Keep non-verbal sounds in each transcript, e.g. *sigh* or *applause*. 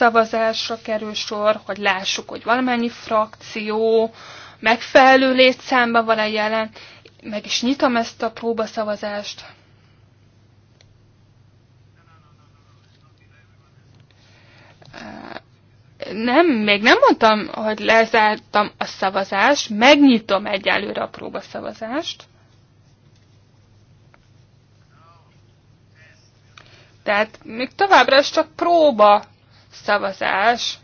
szavazásra kerül sor, hogy lássuk, hogy valamennyi frakció megfelelő létszámban van-e jelen. Meg is nyitom ezt a próbaszavazást. Nem, még nem mondtam, hogy lezártam a szavazást, megnyitom egyelőre a próbaszavazást. Tehát még továbbra is csak próba szavazás.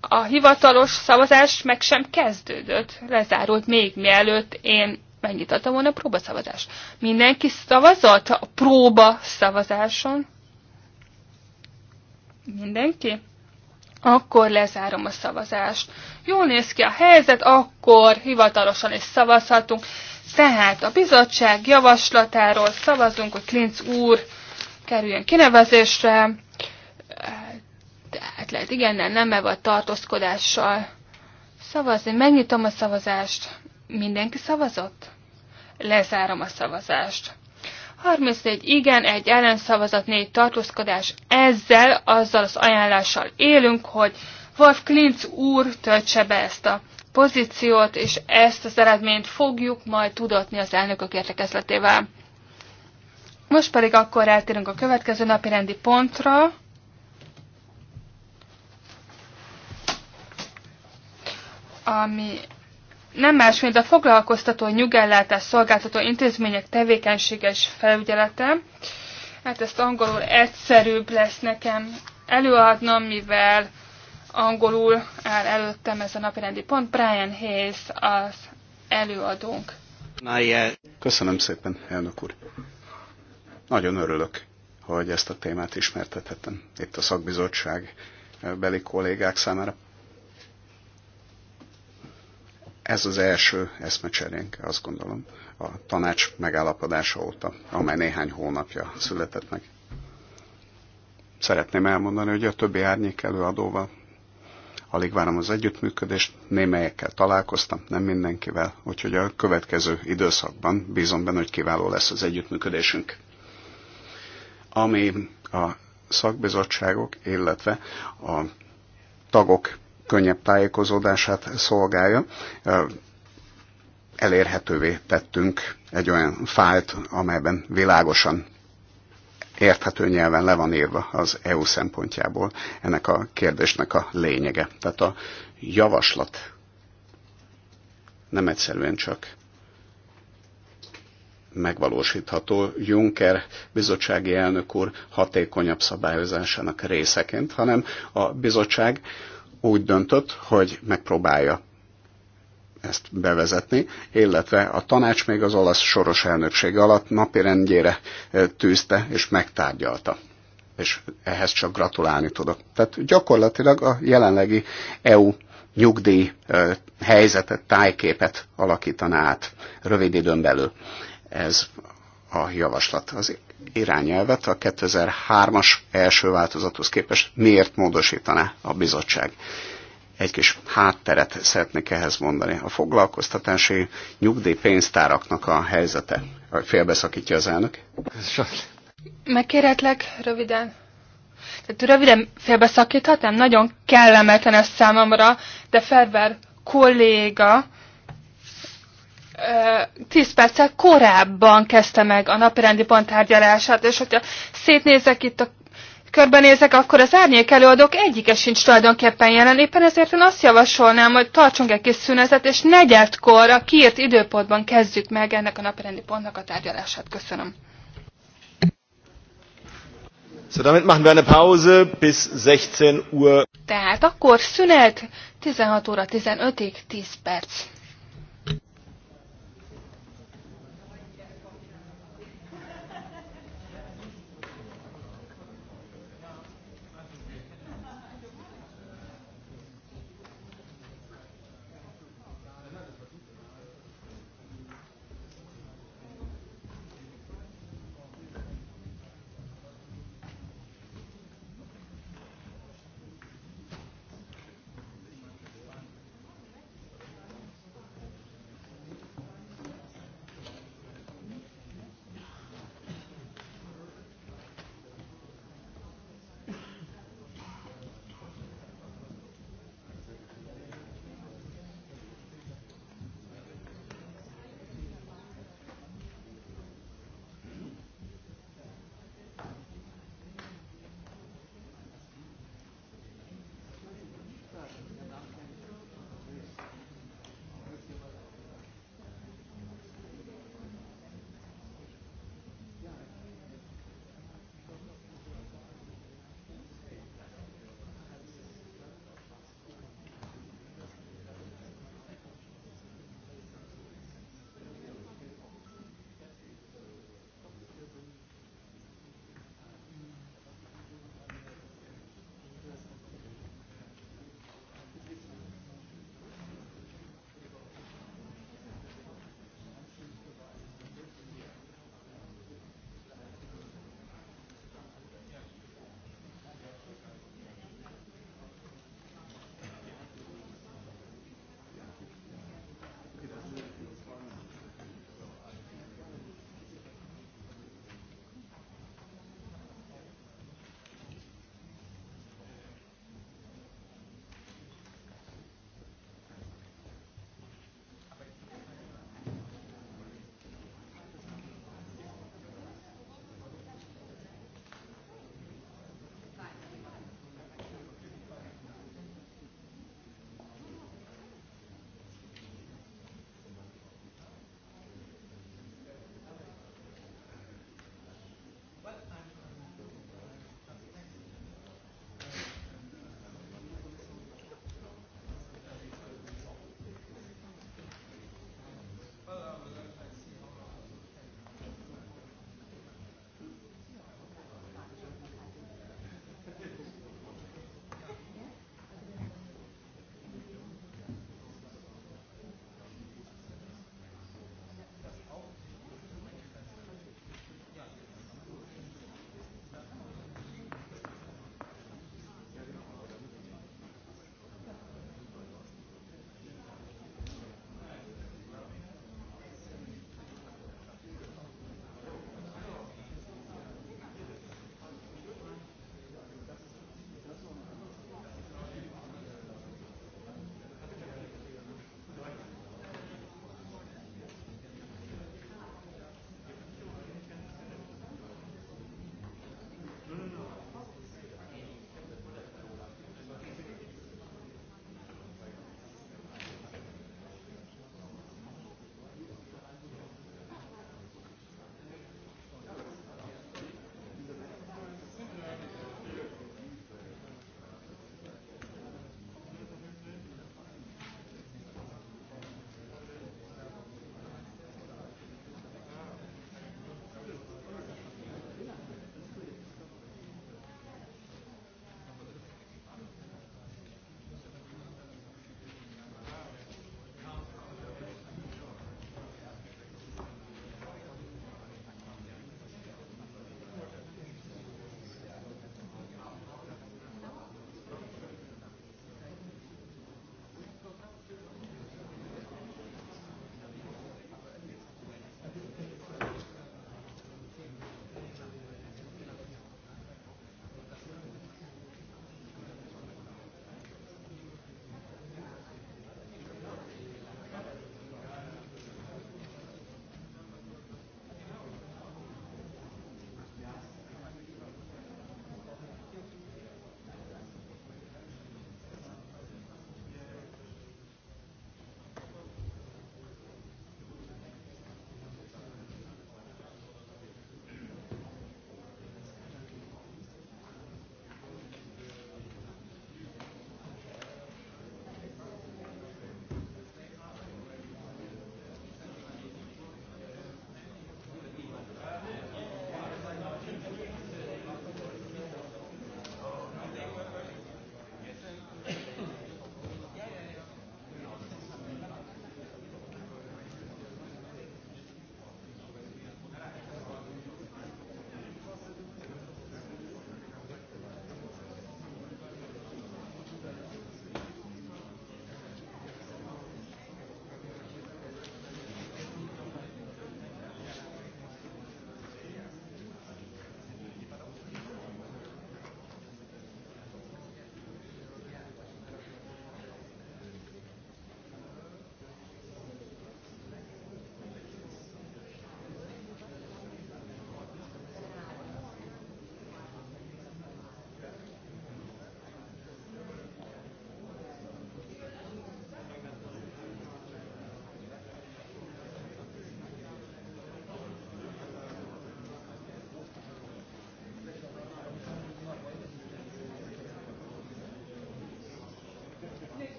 A hivatalos szavazás meg sem kezdődött, lezárult még mielőtt én megnyitottam volna a próbaszavazást. Mindenki szavazott a próba szavazáson? Mindenki? Akkor lezárom a szavazást. Jól néz ki a helyzet, akkor hivatalosan is szavazhatunk. Tehát a bizottság javaslatáról szavazunk, hogy Klinc úr kerüljön kinevezésre, tehát lehet igen, nem nem, vagy tartózkodással szavazni. Megnyitom a szavazást. Mindenki szavazott? Lezárom a szavazást. 34 igen, egy ellenszavazat, négy tartózkodás. Ezzel, azzal az ajánlással élünk, hogy Wolf Klintz úr töltse be ezt a pozíciót, és ezt az eredményt fogjuk majd tudatni az elnökök értekezletével. Most pedig akkor eltérünk a következő napi rendi pontra. Ami nem más, mint a foglalkoztató nyugellátás szolgáltató intézmények tevékenységes felügyelete. Hát ezt angolul egyszerűbb lesz nekem előadnom, mivel angolul áll előttem ez a napirendi pont. Brian Hayes az előadónk. Köszönöm szépen, elnök úr. Nagyon örülök, hogy ezt a témát ismertethetem itt a szakbizottság eh, beli kollégák számára. Ez az első eszmecserénk, azt gondolom, a tanács megállapodása óta, amely néhány hónapja született meg. Szeretném elmondani, hogy a többi árnyék előadóval alig várom az együttműködést, némelyekkel találkoztam, nem mindenkivel, úgyhogy a következő időszakban bízom benne, hogy kiváló lesz az együttműködésünk ami a szakbizottságok, illetve a tagok könnyebb tájékozódását szolgálja. Elérhetővé tettünk egy olyan fájlt, amelyben világosan érthető nyelven le van írva az EU szempontjából ennek a kérdésnek a lényege. Tehát a javaslat nem egyszerűen csak megvalósítható Juncker bizottsági elnök úr hatékonyabb szabályozásának részeként, hanem a bizottság úgy döntött, hogy megpróbálja ezt bevezetni, illetve a tanács még az olasz soros elnökség alatt napirendjére tűzte és megtárgyalta. És ehhez csak gratulálni tudok. Tehát gyakorlatilag a jelenlegi EU nyugdíj helyzetet, tájképet alakítaná át rövid időn belül ez a javaslat. Az irányelvet a 2003-as első változathoz képest miért módosítaná a bizottság? Egy kis hátteret szeretnék ehhez mondani. A foglalkoztatási nyugdíjpénztáraknak a helyzete. Félbeszakítja az elnök. Megkérhetlek röviden tehát röviden félbeszakíthatnám, nagyon kellemetlen ez számomra, de Ferber kolléga 10 perccel korábban kezdte meg a napirendi pont tárgyalását, és hogyha szétnézek itt a körbenézek, akkor az árnyék előadók egyike sincs tulajdonképpen jelen. Éppen ezért én azt javasolnám, hogy tartsunk egy kis szünetet, és negyedkor a kiírt időpontban kezdjük meg ennek a napirendi pontnak a tárgyalását. Köszönöm. So, damit machen wir eine Pause bis 16 Uhr. Tehát akkor szünet 16 óra 15-ig 10 perc.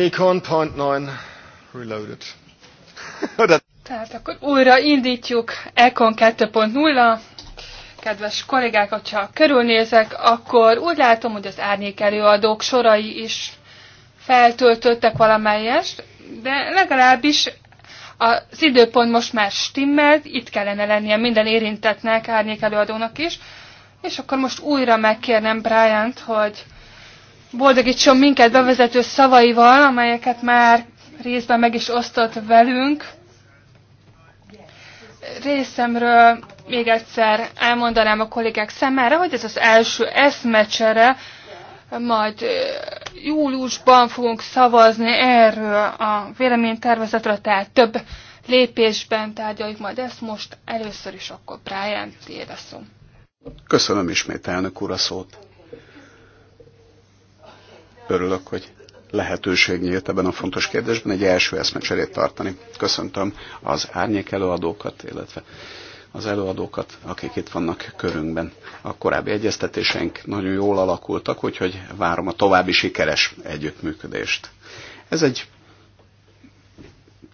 Akon Point nine Reloaded. *laughs* Tehát akkor újra indítjuk Econ 2.0. Kedves kollégák, ha csak körülnézek, akkor úgy látom, hogy az árnyék előadók sorai is feltöltöttek valamelyest, de legalábbis az időpont most már stimmelt, itt kellene lennie minden érintettnek, árnyék előadónak is, és akkor most újra megkérnem Bryant, hogy boldogítson minket bevezető szavaival, amelyeket már részben meg is osztott velünk. Részemről még egyszer elmondanám a kollégák szemére, hogy ez az első eszmecsere, majd júliusban fogunk szavazni erről a véleménytervezetről, tehát több lépésben tárgyaljuk majd ezt most. Először is akkor Brian, tiéd a szó. Köszönöm ismét elnök úr a szót örülök, hogy lehetőség nyílt ebben a fontos kérdésben egy első eszmecserét tartani. Köszöntöm az árnyék előadókat, illetve az előadókat, akik itt vannak körünkben. A korábbi egyeztetéseink nagyon jól alakultak, úgyhogy várom a további sikeres együttműködést. Ez egy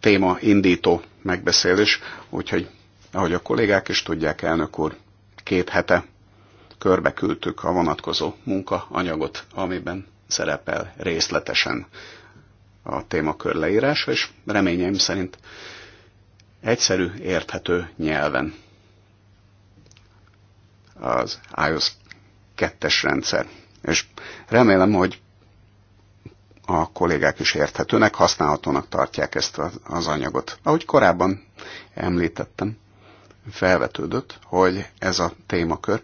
téma indító megbeszélés, úgyhogy ahogy a kollégák is tudják, elnök úr, két hete körbe küldtük a vonatkozó munkaanyagot, amiben szerepel részletesen a témakör leírása, és reményeim szerint egyszerű, érthető nyelven az iOS 2-es rendszer. És remélem, hogy a kollégák is érthetőnek, használhatónak tartják ezt az anyagot. Ahogy korábban említettem, felvetődött, hogy ez a témakör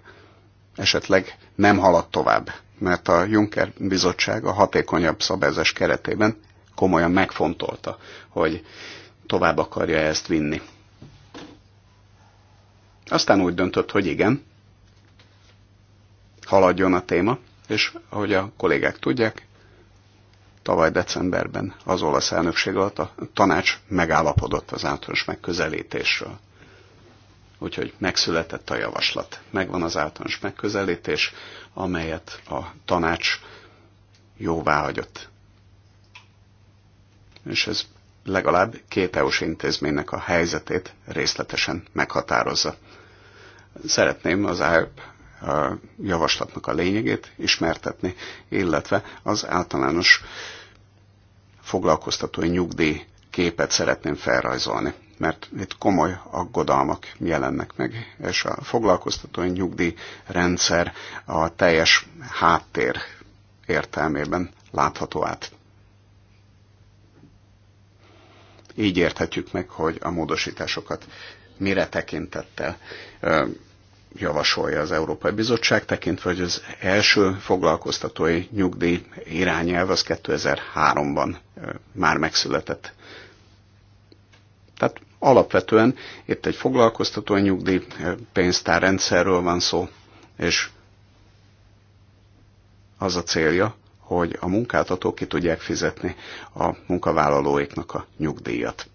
esetleg nem halad tovább mert a Juncker bizottság a hatékonyabb szabályozás keretében komolyan megfontolta, hogy tovább akarja ezt vinni. Aztán úgy döntött, hogy igen, haladjon a téma, és ahogy a kollégák tudják, tavaly decemberben az olasz elnökség alatt a tanács megállapodott az általános megközelítésről. Úgyhogy megszületett a javaslat. Megvan az általános megközelítés, amelyet a tanács jóvá hagyott. És ez legalább két EU-s intézménynek a helyzetét részletesen meghatározza. Szeretném az IRP javaslatnak a lényegét ismertetni, illetve az általános foglalkoztatói nyugdíj képet szeretném felrajzolni mert itt komoly aggodalmak jelennek meg, és a foglalkoztatói nyugdíj rendszer a teljes háttér értelmében látható át. Így érthetjük meg, hogy a módosításokat mire tekintettel javasolja az Európai Bizottság, tekintve, hogy az első foglalkoztatói nyugdíj irányelv az 2003-ban már megszületett tehát alapvetően itt egy foglalkoztató nyugdíj pénztárrendszerről van szó, és az a célja, hogy a munkáltatók ki tudják fizetni a munkavállalóiknak a nyugdíjat.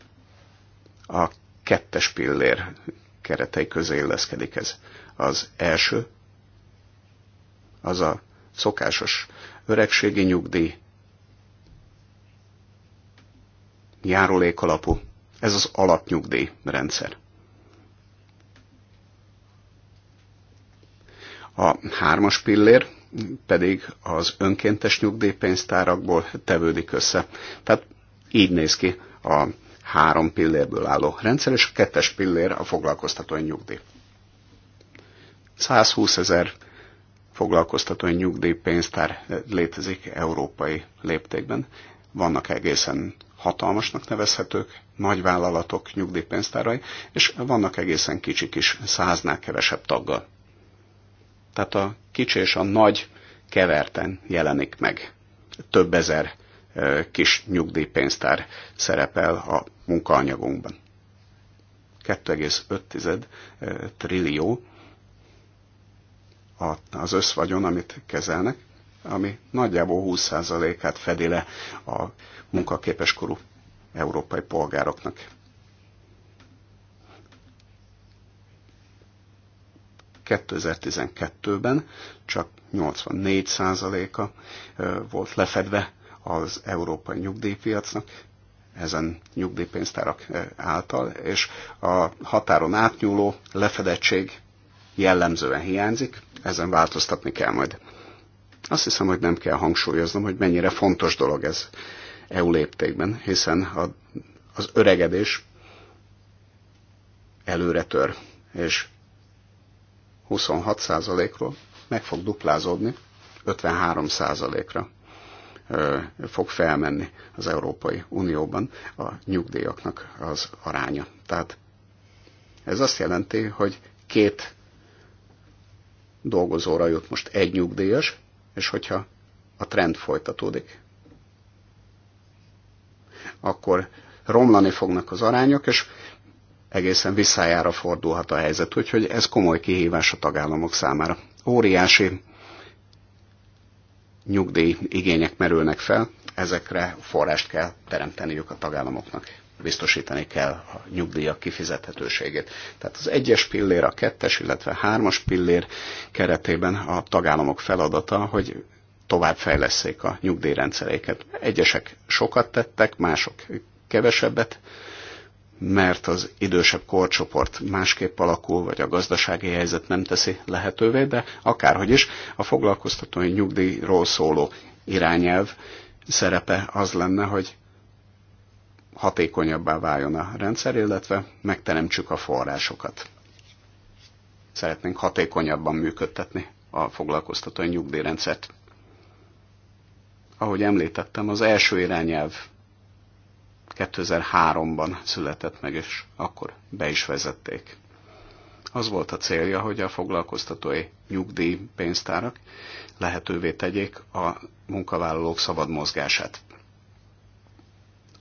A kettes pillér keretei közé illeszkedik ez. Az első, az a szokásos öregségi nyugdíj, járulék alapú ez az alapnyugdíj rendszer. A hármas pillér pedig az önkéntes nyugdíjpénztárakból tevődik össze. Tehát így néz ki a három pillérből álló rendszer, és a kettes pillér a foglalkoztatói nyugdíj. 120 ezer foglalkoztatói nyugdíjpénztár létezik európai léptékben, vannak egészen hatalmasnak nevezhetők, nagy vállalatok, nyugdíjpénztárai, és vannak egészen kicsik is, száznál kevesebb taggal. Tehát a kicsi és a nagy keverten jelenik meg. Több ezer kis nyugdíjpénztár szerepel a munkaanyagunkban. 2,5 trillió az összvagyon, amit kezelnek, ami nagyjából 20%-át fedi le a munkaképes korú európai polgároknak. ...2012-ben csak 84%-a volt lefedve az európai nyugdíjpiacnak, ezen nyugdíjpénztárak által, és a határon átnyúló lefedettség jellemzően hiányzik, ezen változtatni kell majd. Azt hiszem, hogy nem kell hangsúlyoznom, hogy mennyire fontos dolog ez EU léptékben, hiszen a, az öregedés előre tör, és 26%-ról meg fog duplázódni 53%-ra fog felmenni az Európai Unióban a nyugdíjaknak az aránya. Tehát ez azt jelenti, hogy két dolgozóra jut most egy nyugdíjas, és hogyha a trend folytatódik, akkor romlani fognak az arányok, és egészen visszájára fordulhat a helyzet. Úgyhogy ez komoly kihívás a tagállamok számára. Óriási nyugdíj igények merülnek fel, ezekre forrást kell teremteniük a tagállamoknak biztosítani kell a nyugdíjak kifizethetőségét. Tehát az egyes pillér, a kettes, illetve a hármas pillér keretében a tagállamok feladata, hogy továbbfejleszék a nyugdíjrendszeréket. Egyesek sokat tettek, mások kevesebbet, mert az idősebb korcsoport másképp alakul, vagy a gazdasági helyzet nem teszi lehetővé, de akárhogy is a foglalkoztatói nyugdíjról szóló irányelv szerepe az lenne, hogy hatékonyabbá váljon a rendszer, illetve megteremtsük a forrásokat. Szeretnénk hatékonyabban működtetni a foglalkoztatói nyugdíjrendszert. Ahogy említettem, az első irányelv 2003-ban született meg, és akkor be is vezették. Az volt a célja, hogy a foglalkoztatói nyugdíjpénztárak lehetővé tegyék a munkavállalók szabad mozgását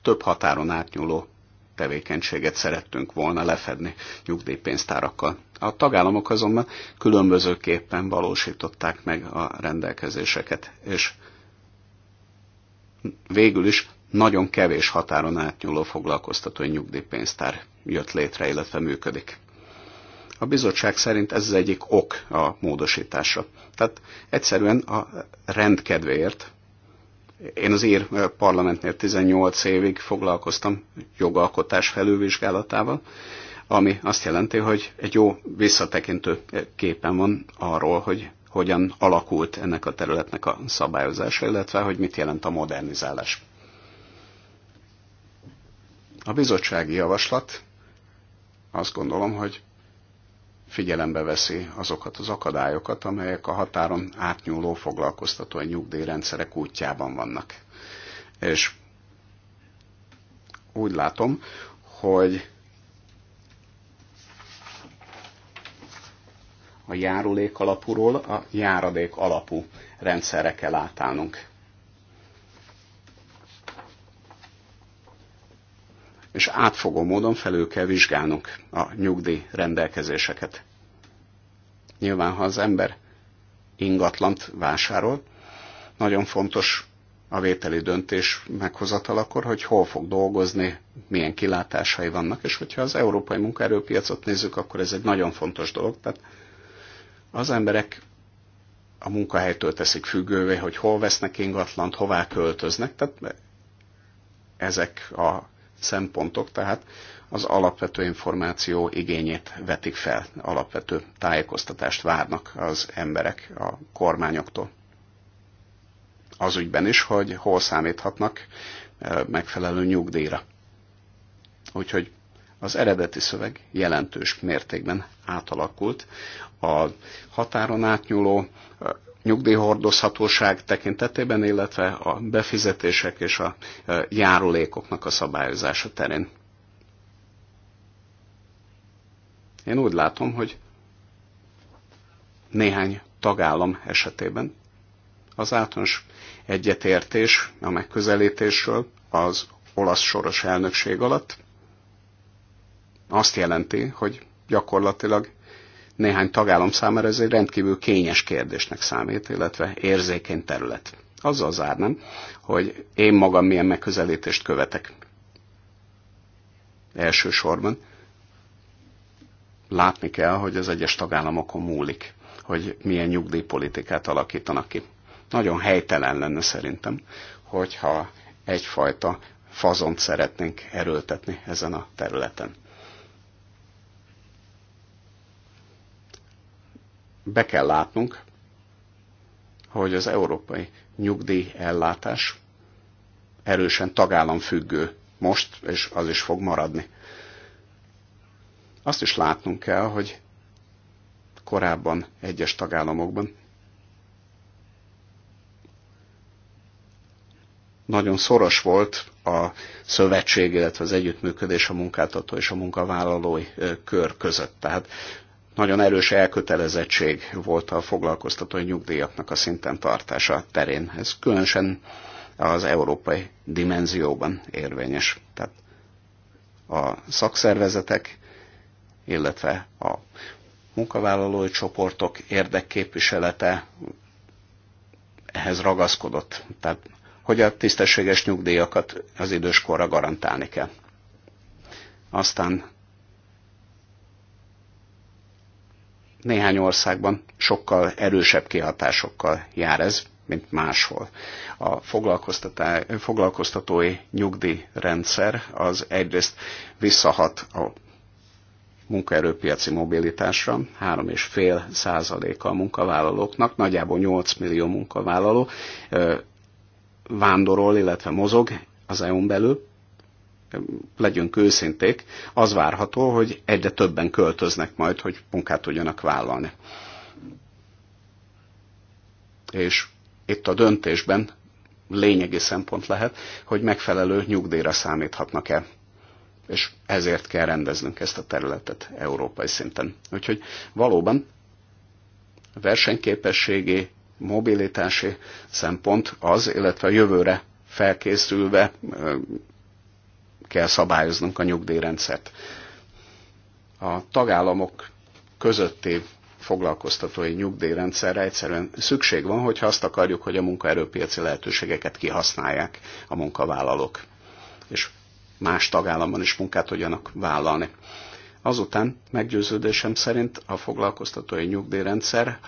több határon átnyúló tevékenységet szerettünk volna lefedni nyugdíjpénztárakkal. A tagállamok azonban különbözőképpen valósították meg a rendelkezéseket, és végül is nagyon kevés határon átnyúló foglalkoztatói nyugdíjpénztár jött létre, illetve működik. A bizottság szerint ez az egyik ok a módosításra. Tehát egyszerűen a rendkedvéért én az ír parlamentnél 18 évig foglalkoztam jogalkotás felülvizsgálatával, ami azt jelenti, hogy egy jó visszatekintő képen van arról, hogy hogyan alakult ennek a területnek a szabályozása, illetve hogy mit jelent a modernizálás. A bizottsági javaslat azt gondolom, hogy figyelembe veszi azokat az akadályokat, amelyek a határon átnyúló foglalkoztatói nyugdíjrendszerek útjában vannak. És úgy látom, hogy a járulék alapúról a járadék alapú rendszerre kell átállnunk. és átfogó módon felül kell vizsgálnunk a nyugdíj rendelkezéseket. Nyilván, ha az ember ingatlant vásárol, nagyon fontos a vételi döntés meghozatal akkor, hogy hol fog dolgozni, milyen kilátásai vannak, és hogyha az európai munkaerőpiacot nézzük, akkor ez egy nagyon fontos dolog. Tehát az emberek a munkahelytől teszik függővé, hogy hol vesznek ingatlant, hová költöznek, tehát ezek a szempontok, tehát az alapvető információ igényét vetik fel, alapvető tájékoztatást várnak az emberek a kormányoktól. Az ügyben is, hogy hol számíthatnak eh, megfelelő nyugdíjra. Úgyhogy az eredeti szöveg jelentős mértékben átalakult. A határon átnyúló eh, nyugdíjhordozhatóság tekintetében, illetve a befizetések és a e, járulékoknak a szabályozása terén. Én úgy látom, hogy néhány tagállam esetében az általános egyetértés a megközelítésről az olasz soros elnökség alatt azt jelenti, hogy gyakorlatilag néhány tagállam számára ez egy rendkívül kényes kérdésnek számít, illetve érzékeny terület. Azzal zárnám, hogy én magam milyen megközelítést követek. Elsősorban látni kell, hogy az egyes tagállamokon múlik, hogy milyen nyugdíjpolitikát alakítanak ki. Nagyon helytelen lenne szerintem, hogyha egyfajta fazont szeretnénk erőltetni ezen a területen. be kell látnunk, hogy az európai nyugdíjellátás erősen tagállam függő most, és az is fog maradni. Azt is látnunk kell, hogy korábban egyes tagállamokban nagyon szoros volt a szövetség, illetve az együttműködés a munkáltató és a munkavállalói kör között. Tehát nagyon erős elkötelezettség volt a foglalkoztatói nyugdíjaknak a szinten tartása terén. Ez különösen az európai dimenzióban érvényes. Tehát a szakszervezetek, illetve a munkavállalói csoportok érdekképviselete ehhez ragaszkodott. Tehát, hogy a tisztességes nyugdíjakat az időskorra garantálni kell. Aztán néhány országban sokkal erősebb kihatásokkal jár ez, mint máshol. A foglalkoztatói nyugdíjrendszer az egyrészt visszahat a munkaerőpiaci mobilitásra, 3,5 százaléka a munkavállalóknak, nagyjából 8 millió munkavállaló vándorol, illetve mozog az EU-n belül, legyünk őszinték, az várható, hogy egyre többen költöznek majd, hogy munkát tudjanak vállalni. És itt a döntésben lényegi szempont lehet, hogy megfelelő nyugdíjra számíthatnak-e. És ezért kell rendeznünk ezt a területet európai szinten. Úgyhogy valóban versenyképességi, mobilitási szempont az, illetve a jövőre felkészülve kell szabályoznunk a nyugdíjrendszert. A tagállamok közötti foglalkoztatói nyugdíjrendszerre egyszerűen szükség van, hogyha azt akarjuk, hogy a munkaerőpiaci lehetőségeket kihasználják a munkavállalók, és más tagállamban is munkát tudjanak vállalni. Azután meggyőződésem szerint a foglalkoztatói nyugdíjrendszer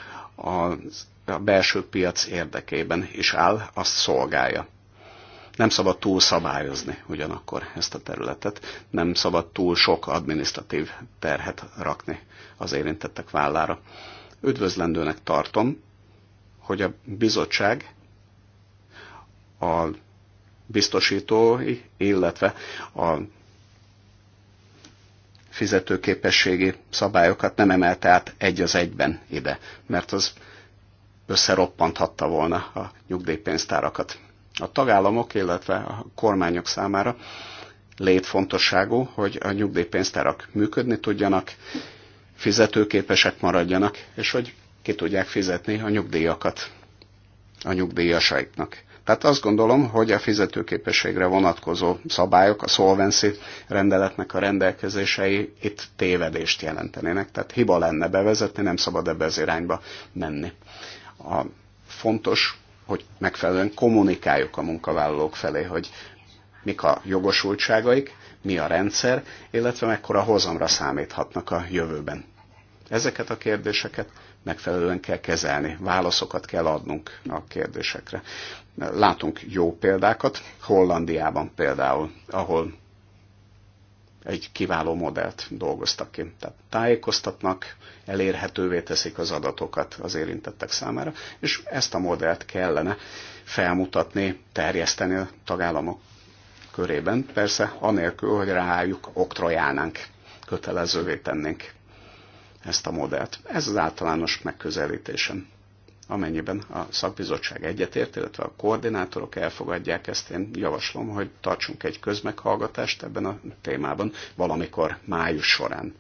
a belső piac érdekében is áll, azt szolgálja. Nem szabad túl szabályozni ugyanakkor ezt a területet, nem szabad túl sok administratív terhet rakni az érintettek vállára. Üdvözlendőnek tartom, hogy a bizottság a biztosítói, illetve a fizetőképességi szabályokat nem emelte át egy az egyben ide, mert az összeroppanthatta volna a nyugdíjpénztárakat a tagállamok, illetve a kormányok számára létfontosságú, hogy a nyugdíjpénztárak működni tudjanak, fizetőképesek maradjanak, és hogy ki tudják fizetni a nyugdíjakat a nyugdíjasaiknak. Tehát azt gondolom, hogy a fizetőképességre vonatkozó szabályok, a szolvenci rendeletnek a rendelkezései itt tévedést jelentenének. Tehát hiba lenne bevezetni, nem szabad ebbe az irányba menni. A fontos hogy megfelelően kommunikáljuk a munkavállalók felé, hogy mik a jogosultságaik, mi a rendszer, illetve mekkora hozamra számíthatnak a jövőben. Ezeket a kérdéseket megfelelően kell kezelni, válaszokat kell adnunk a kérdésekre. Látunk jó példákat, Hollandiában például, ahol egy kiváló modellt dolgoztak ki. Tehát tájékoztatnak, elérhetővé teszik az adatokat az érintettek számára, és ezt a modellt kellene felmutatni, terjeszteni a tagállamok körében, persze anélkül, hogy rájuk oktrojálnánk, kötelezővé tennénk ezt a modellt. Ez az általános megközelítésem amennyiben a szakbizottság egyetért, illetve a koordinátorok elfogadják ezt, én javaslom, hogy tartsunk egy közmeghallgatást ebben a témában valamikor május során.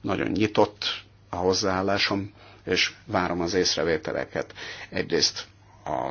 Nagyon nyitott a hozzáállásom, és várom az észrevételeket. Egyrészt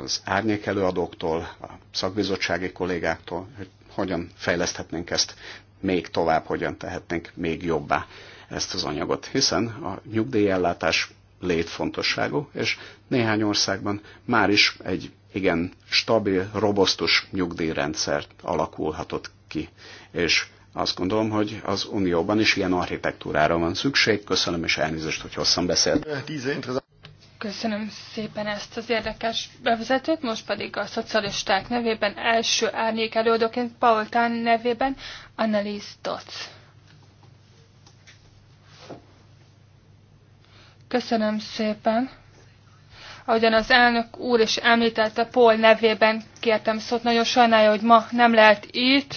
az árnyék előadóktól, a szakbizottsági kollégáktól, hogy hogyan fejleszthetnénk ezt még tovább, hogyan tehetnénk még jobbá ezt az anyagot, hiszen a nyugdíjellátás létfontosságú, és néhány országban már is egy igen stabil, robosztus nyugdíjrendszer alakulhatott ki. És azt gondolom, hogy az Unióban is ilyen architektúrára van szükség. Köszönöm, és elnézést, hogy hosszan beszélt. Köszönöm szépen ezt az érdekes bevezetőt, most pedig a szocialisták nevében első árnyék előadóként Paul Tán nevében Annelies Dotz. Köszönöm szépen. Ahogyan az elnök úr is említette, Paul nevében kértem szót. Nagyon sajnálja, hogy ma nem lehet itt.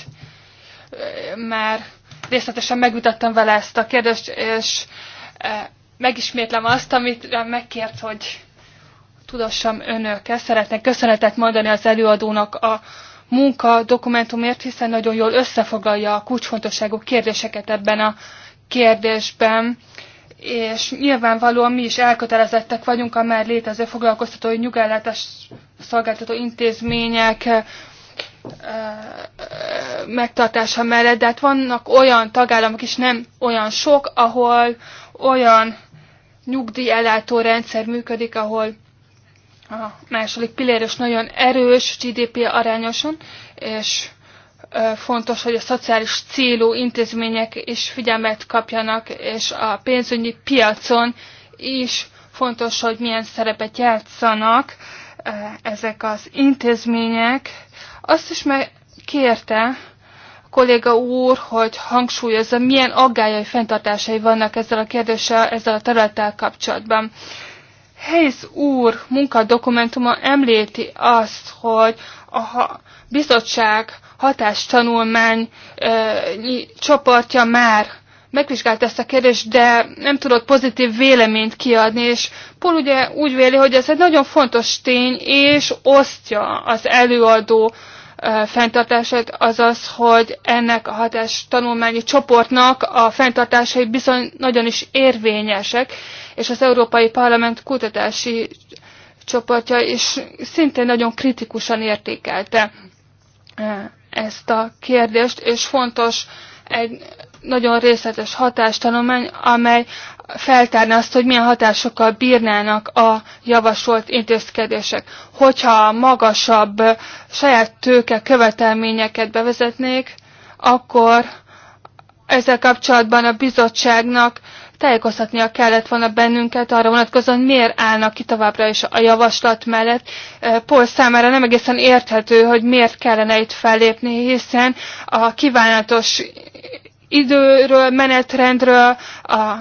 Már részletesen megvitattam vele ezt a kérdést, és e, megismétlem azt, amit megkért, hogy tudassam önökkel. Szeretnék köszönetet mondani az előadónak a munka dokumentumért, hiszen nagyon jól összefoglalja a kulcsfontosságú kérdéseket ebben a kérdésben és nyilvánvalóan mi is elkötelezettek vagyunk a már létező foglalkoztatói nyugellátás szolgáltató intézmények eh, eh, megtartása mellett, de hát vannak olyan tagállamok is, nem olyan sok, ahol olyan nyugdíjellátó rendszer működik, ahol a második pillér nagyon erős GDP arányosan, és fontos, hogy a szociális célú intézmények is figyelmet kapjanak, és a pénzügyi piacon is fontos, hogy milyen szerepet játszanak ezek az intézmények. Azt is megkérte a kolléga úr, hogy hangsúlyozza, milyen aggályai, fenntartásai vannak ezzel a kérdéssel, ezzel a területtel kapcsolatban. Helyz úr munkadokumentuma említi azt, hogy a bizottság hatástanulmány csoportja már megvizsgált ezt a kérdést, de nem tudott pozitív véleményt kiadni, és Paul ugye úgy véli, hogy ez egy nagyon fontos tény, és osztja az előadó fenntartását, azaz, hogy ennek a hatás tanulmányi csoportnak a fenntartásai bizony nagyon is érvényesek, és az Európai Parlament kutatási csoportja is szintén nagyon kritikusan értékelte ezt a kérdést, és fontos egy nagyon részletes hatástanulmány, amely feltárna azt, hogy milyen hatásokkal bírnának a javasolt intézkedések. Hogyha magasabb saját tőke követelményeket bevezetnék, akkor ezzel kapcsolatban a bizottságnak tájékoztatnia kellett volna bennünket arra vonatkozóan, miért állnak ki továbbra is a javaslat mellett. Paul számára nem egészen érthető, hogy miért kellene itt fellépni, hiszen a kívánatos időről, menetrendről, a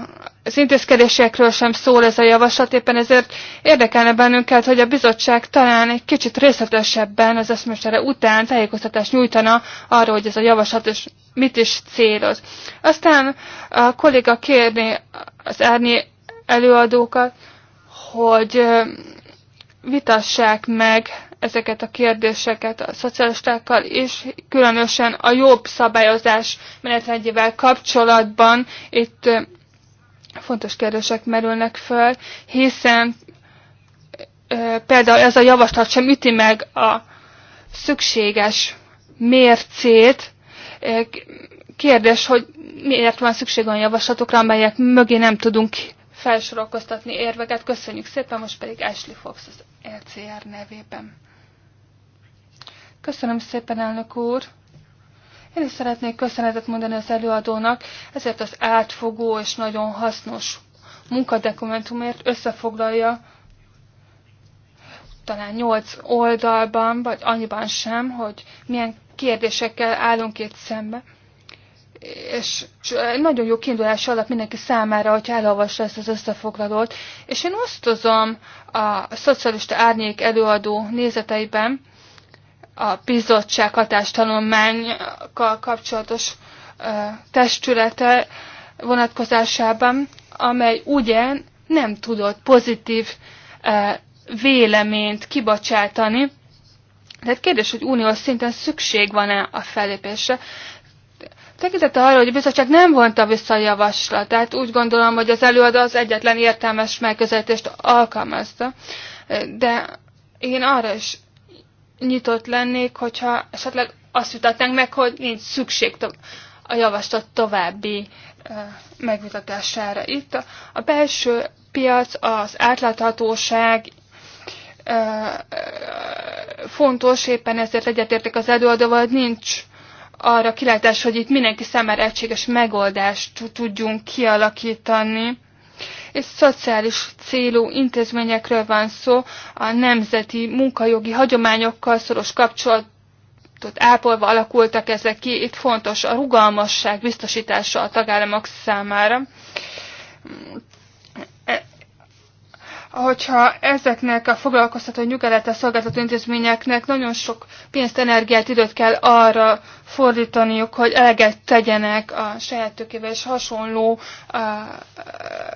az intézkedésekről sem szól ez a javaslat, éppen ezért érdekelne bennünket, hogy a bizottság talán egy kicsit részletesebben az eszmestere után tájékoztatást nyújtana arról, hogy ez a javaslat és mit is céloz. Aztán a kolléga kérni az árni előadókat, hogy vitassák meg ezeket a kérdéseket a szocialistákkal, és különösen a jobb szabályozás menetrendjével kapcsolatban itt fontos kérdések merülnek föl, hiszen e, például ez a javaslat sem üti meg a szükséges mércét. E, kérdés, hogy miért van szükség olyan javaslatokra, amelyek mögé nem tudunk felsorolkoztatni érveket. Köszönjük szépen, most pedig Ashley Fox az LCR e nevében. Köszönöm szépen, elnök úr! Én is szeretnék köszönetet mondani az előadónak, ezért az átfogó és nagyon hasznos munkadokumentumért összefoglalja talán 8 oldalban, vagy annyiban sem, hogy milyen kérdésekkel állunk itt szembe. És nagyon jó kiindulási alap mindenki számára, hogy elolvassa ezt az összefoglalót. És én osztozom a szocialista árnyék előadó nézeteiben, a bizottság hatástanulmányokkal kapcsolatos testülete vonatkozásában, amely ugyan nem tudott pozitív véleményt kibocsátani. Tehát kérdés, hogy uniós szinten szükség van-e a fellépésre. Tekintete arra, hogy a bizottság nem vonta vissza a javaslatát, úgy gondolom, hogy az előadó az egyetlen értelmes megközelítést alkalmazta, de én arra is nyitott lennék, hogyha esetleg azt jutatnánk meg, hogy nincs szükség a javaslat további megvitatására. Itt a belső piac, az átláthatóság fontos, éppen ezért egyetértek az előadóval, hogy nincs arra kilátás, hogy itt mindenki számára egységes megoldást tudjunk kialakítani és szociális célú intézményekről van szó, a nemzeti munkajogi hagyományokkal szoros kapcsolat ott ápolva alakultak ezek ki, itt fontos a rugalmasság biztosítása a tagállamok számára hogyha ezeknek a foglalkoztató nyugalete szolgáltató intézményeknek nagyon sok pénzt, energiát, időt kell arra fordítaniuk, hogy eleget tegyenek a saját tökével és hasonló a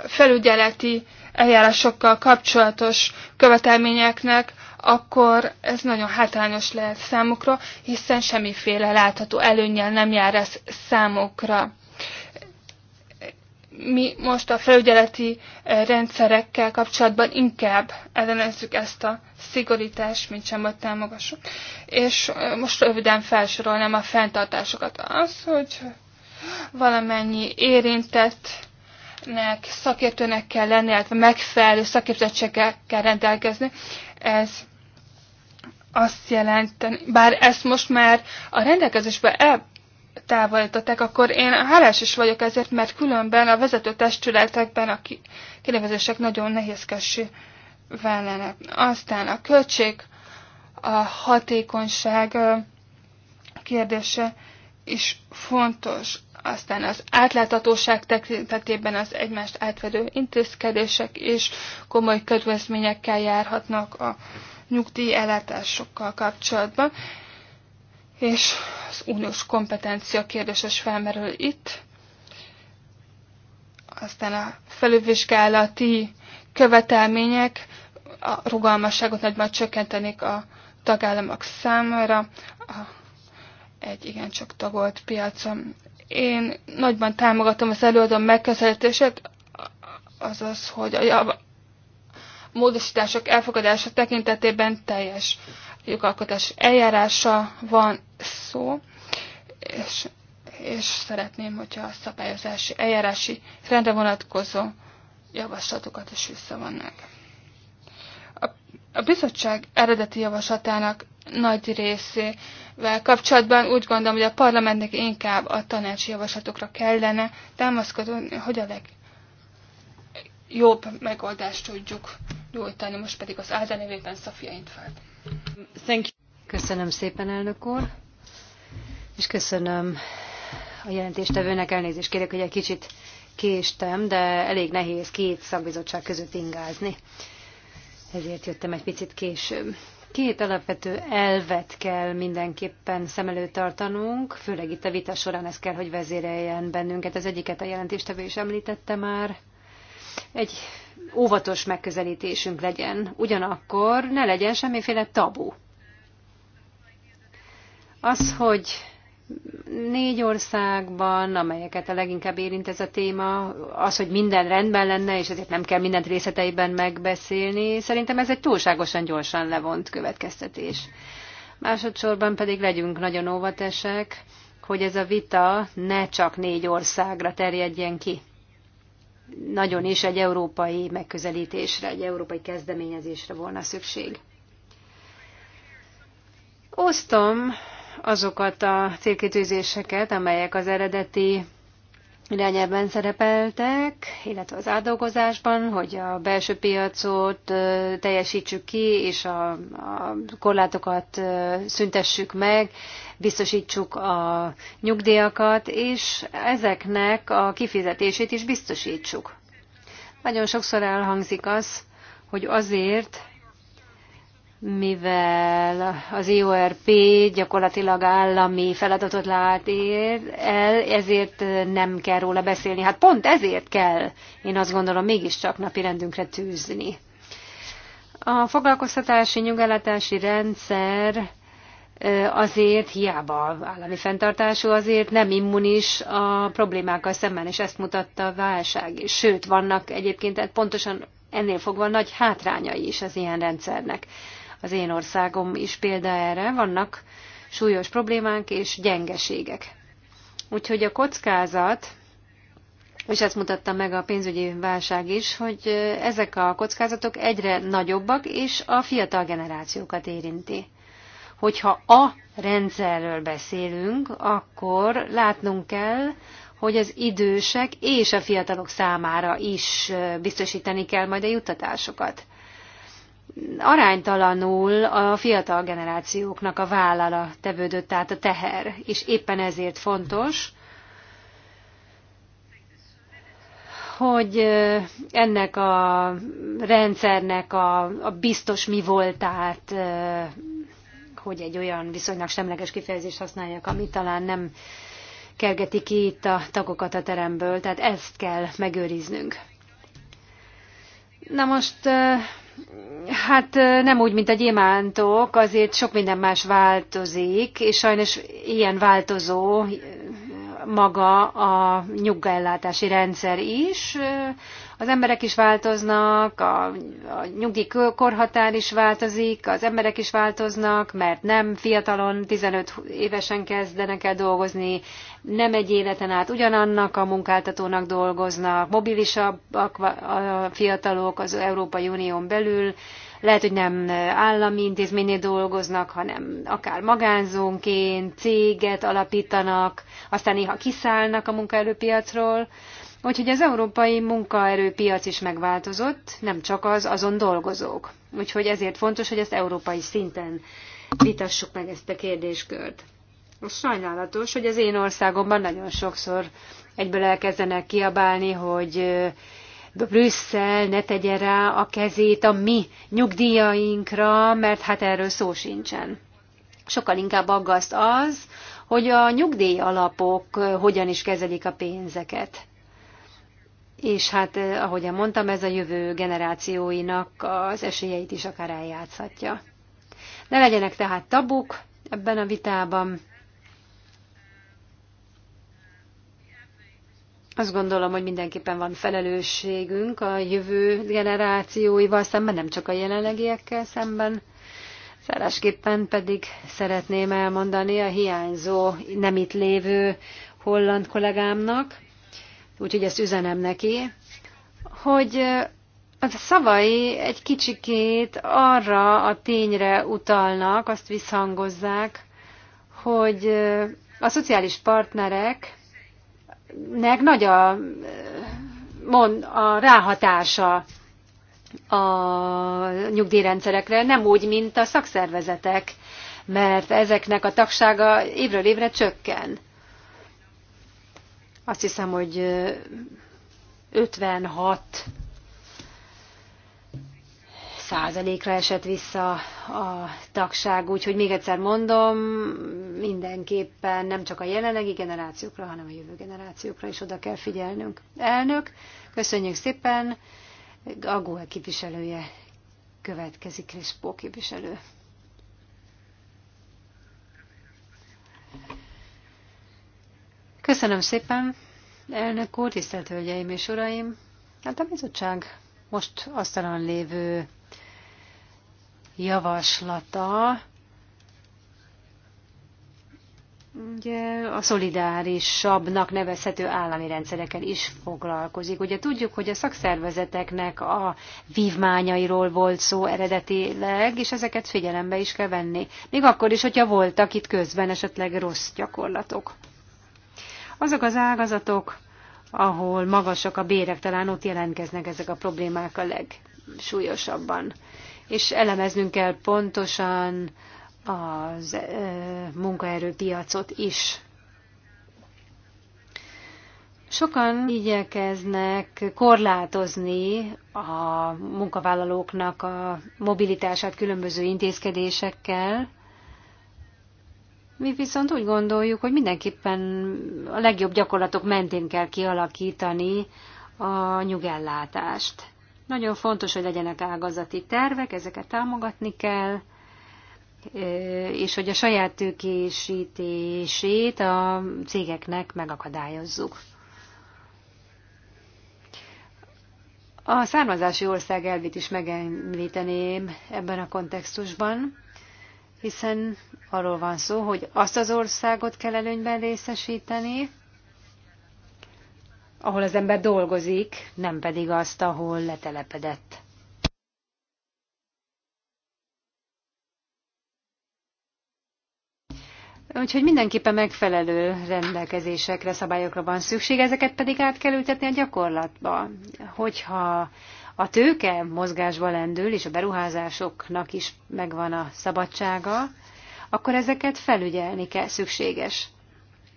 felügyeleti eljárásokkal kapcsolatos követelményeknek, akkor ez nagyon hátrányos lehet számukra, hiszen semmiféle látható előnyel nem jár ez számukra mi most a felügyeleti eh, rendszerekkel kapcsolatban inkább ellenezzük ezt a szigorítást, mint sem, hogy támogassuk. És eh, most röviden felsorolnám a fenntartásokat. Az, hogy valamennyi érintett szakértőnek kell lenni, illetve megfelelő szakképzettséggel kell rendelkezni. Ez azt jelenteni, bár ezt most már a rendelkezésbe távolították, akkor én hálás is vagyok ezért, mert különben a vezető testületekben a kinevezések nagyon nehézkesi válnának. Aztán a költség, a hatékonyság kérdése is fontos. Aztán az átláthatóság tekintetében az egymást átvedő intézkedések és komoly kedvezményekkel járhatnak a nyugdíj ellátásokkal kapcsolatban és az uniós kompetencia kérdéses felmerül itt. Aztán a felülvizsgálati követelmények a rugalmasságot nagyban csökkentenék a tagállamok számára. A, egy igencsak tagolt piacon. Én nagyban támogatom az előadó megközelítését, azaz, hogy a módosítások elfogadása tekintetében teljes jogalkotás eljárása van szó, és, és szeretném, hogyha a szabályozási eljárási rendre vonatkozó javaslatokat is visszavannak. A, a bizottság eredeti javaslatának nagy részével kapcsolatban úgy gondolom, hogy a parlamentnek inkább a tanácsi javaslatokra kellene támaszkodni, hogy a legjobb megoldást tudjuk nyújtani. Most pedig az álda nevében Szafia Intfeld. Köszönöm szépen, elnök úr, és köszönöm a jelentéstevőnek elnézést kérek, hogy egy kicsit késtem, de elég nehéz két szakbizottság között ingázni. Ezért jöttem egy picit később. Két alapvető elvet kell mindenképpen szem előtt tartanunk, főleg itt a vita során ez kell, hogy vezéreljen bennünket. Az egyiket a jelentéstevő is említette már. Egy óvatos megközelítésünk legyen, ugyanakkor ne legyen semmiféle tabu. Az, hogy négy országban, amelyeket a leginkább érint ez a téma, az, hogy minden rendben lenne, és ezért nem kell mindent részleteiben megbeszélni, szerintem ez egy túlságosan gyorsan levont következtetés. Másodszorban pedig legyünk nagyon óvatesek, hogy ez a vita ne csak négy országra terjedjen ki nagyon is egy európai megközelítésre, egy európai kezdeményezésre volna szükség. Osztom azokat a célkitűzéseket, amelyek az eredeti irányában szerepeltek, illetve az átdolgozásban, hogy a belső piacot teljesítsük ki, és a, a korlátokat szüntessük meg, biztosítsuk a nyugdíjakat, és ezeknek a kifizetését is biztosítsuk. Nagyon sokszor elhangzik az, hogy azért, mivel az IORP gyakorlatilag állami feladatot lát ér el, ezért nem kell róla beszélni. Hát pont ezért kell, én azt gondolom, mégiscsak napi rendünkre tűzni. A foglalkoztatási nyugeletási rendszer azért hiába állami fenntartású, azért nem immunis a problémákkal szemben, és ezt mutatta a válság Sőt, vannak egyébként hát pontosan ennél fogva nagy hátrányai is az ilyen rendszernek. Az én országom is példa erre. Vannak súlyos problémánk és gyengeségek. Úgyhogy a kockázat, és ezt mutatta meg a pénzügyi válság is, hogy ezek a kockázatok egyre nagyobbak, és a fiatal generációkat érinti. Hogyha a rendszerről beszélünk, akkor látnunk kell, hogy az idősek és a fiatalok számára is biztosítani kell majd a juttatásokat aránytalanul a fiatal generációknak a vállala tevődött át a teher, és éppen ezért fontos, hogy ennek a rendszernek a, a biztos mi voltát, hogy egy olyan viszonylag semleges kifejezést használjak, ami talán nem kergeti ki itt a tagokat a teremből, tehát ezt kell megőriznünk. Na most, hát nem úgy, mint a gyémántok, azért sok minden más változik, és sajnos ilyen változó maga a nyuggaellátási rendszer is, az emberek is változnak, a, a korhatár is változik, az emberek is változnak, mert nem fiatalon, 15 évesen kezdenek el dolgozni, nem egy életen át ugyanannak a munkáltatónak dolgoznak, mobilisabbak a fiatalok az Európai Unión belül, lehet, hogy nem állami intézménynél dolgoznak, hanem akár magánzónként, céget alapítanak, aztán néha kiszállnak a munkaerőpiacról, Úgyhogy az európai munkaerőpiac is megváltozott, nem csak az azon dolgozók. Úgyhogy ezért fontos, hogy ezt európai szinten vitassuk meg ezt a kérdéskört. Most sajnálatos, hogy az én országomban nagyon sokszor egyből elkezdenek kiabálni, hogy Brüsszel ne tegye rá a kezét a mi nyugdíjainkra, mert hát erről szó sincsen. Sokkal inkább aggaszt az, hogy a nyugdíj alapok hogyan is kezelik a pénzeket és hát eh, ahogyan mondtam, ez a jövő generációinak az esélyeit is akár eljátszhatja. Ne legyenek tehát tabuk ebben a vitában. Azt gondolom, hogy mindenképpen van felelősségünk a jövő generációival szemben, nem csak a jelenlegiekkel szemben. Zárásképpen pedig szeretném elmondani a hiányzó, nem itt lévő holland kollégámnak, úgyhogy ezt üzenem neki, hogy a szavai egy kicsikét arra a tényre utalnak, azt visszhangozzák, hogy a szociális partnereknek nagy a, mond, a ráhatása a nyugdíjrendszerekre, nem úgy, mint a szakszervezetek, mert ezeknek a tagsága évről évre csökken. Azt hiszem, hogy 56 százalékra esett vissza a tagság, úgyhogy még egyszer mondom, mindenképpen nem csak a jelenlegi generációkra, hanem a jövő generációkra is oda kell figyelnünk. Elnök, köszönjük szépen, a képviselője következik, Krispó képviselő. Köszönöm szépen, elnök úr, tisztelt hölgyeim és uraim! Hát a bizottság most asztalon lévő javaslata ugye a szolidárisabbnak nevezhető állami rendszerekkel is foglalkozik. Ugye tudjuk, hogy a szakszervezeteknek a vívmányairól volt szó eredetileg, és ezeket figyelembe is kell venni. Még akkor is, hogyha voltak itt közben esetleg rossz gyakorlatok. Azok az ágazatok, ahol magasak a bérek, talán ott jelentkeznek ezek a problémák a legsúlyosabban. És elemeznünk kell pontosan az munkaerőpiacot is. Sokan igyekeznek korlátozni a munkavállalóknak a mobilitását különböző intézkedésekkel, mi viszont úgy gondoljuk, hogy mindenképpen a legjobb gyakorlatok mentén kell kialakítani a nyugellátást. Nagyon fontos, hogy legyenek ágazati tervek, ezeket támogatni kell, és hogy a saját tőkésítését a cégeknek megakadályozzuk. A származási ország elvét is megemlíteném ebben a kontextusban, hiszen Arról van szó, hogy azt az országot kell előnyben részesíteni, ahol az ember dolgozik, nem pedig azt, ahol letelepedett. Úgyhogy mindenképpen megfelelő rendelkezésekre, szabályokra van szükség, ezeket pedig át kell ültetni a gyakorlatba. Hogyha a tőke mozgásba lendül, és a beruházásoknak is megvan a szabadsága, akkor ezeket felügyelni kell szükséges.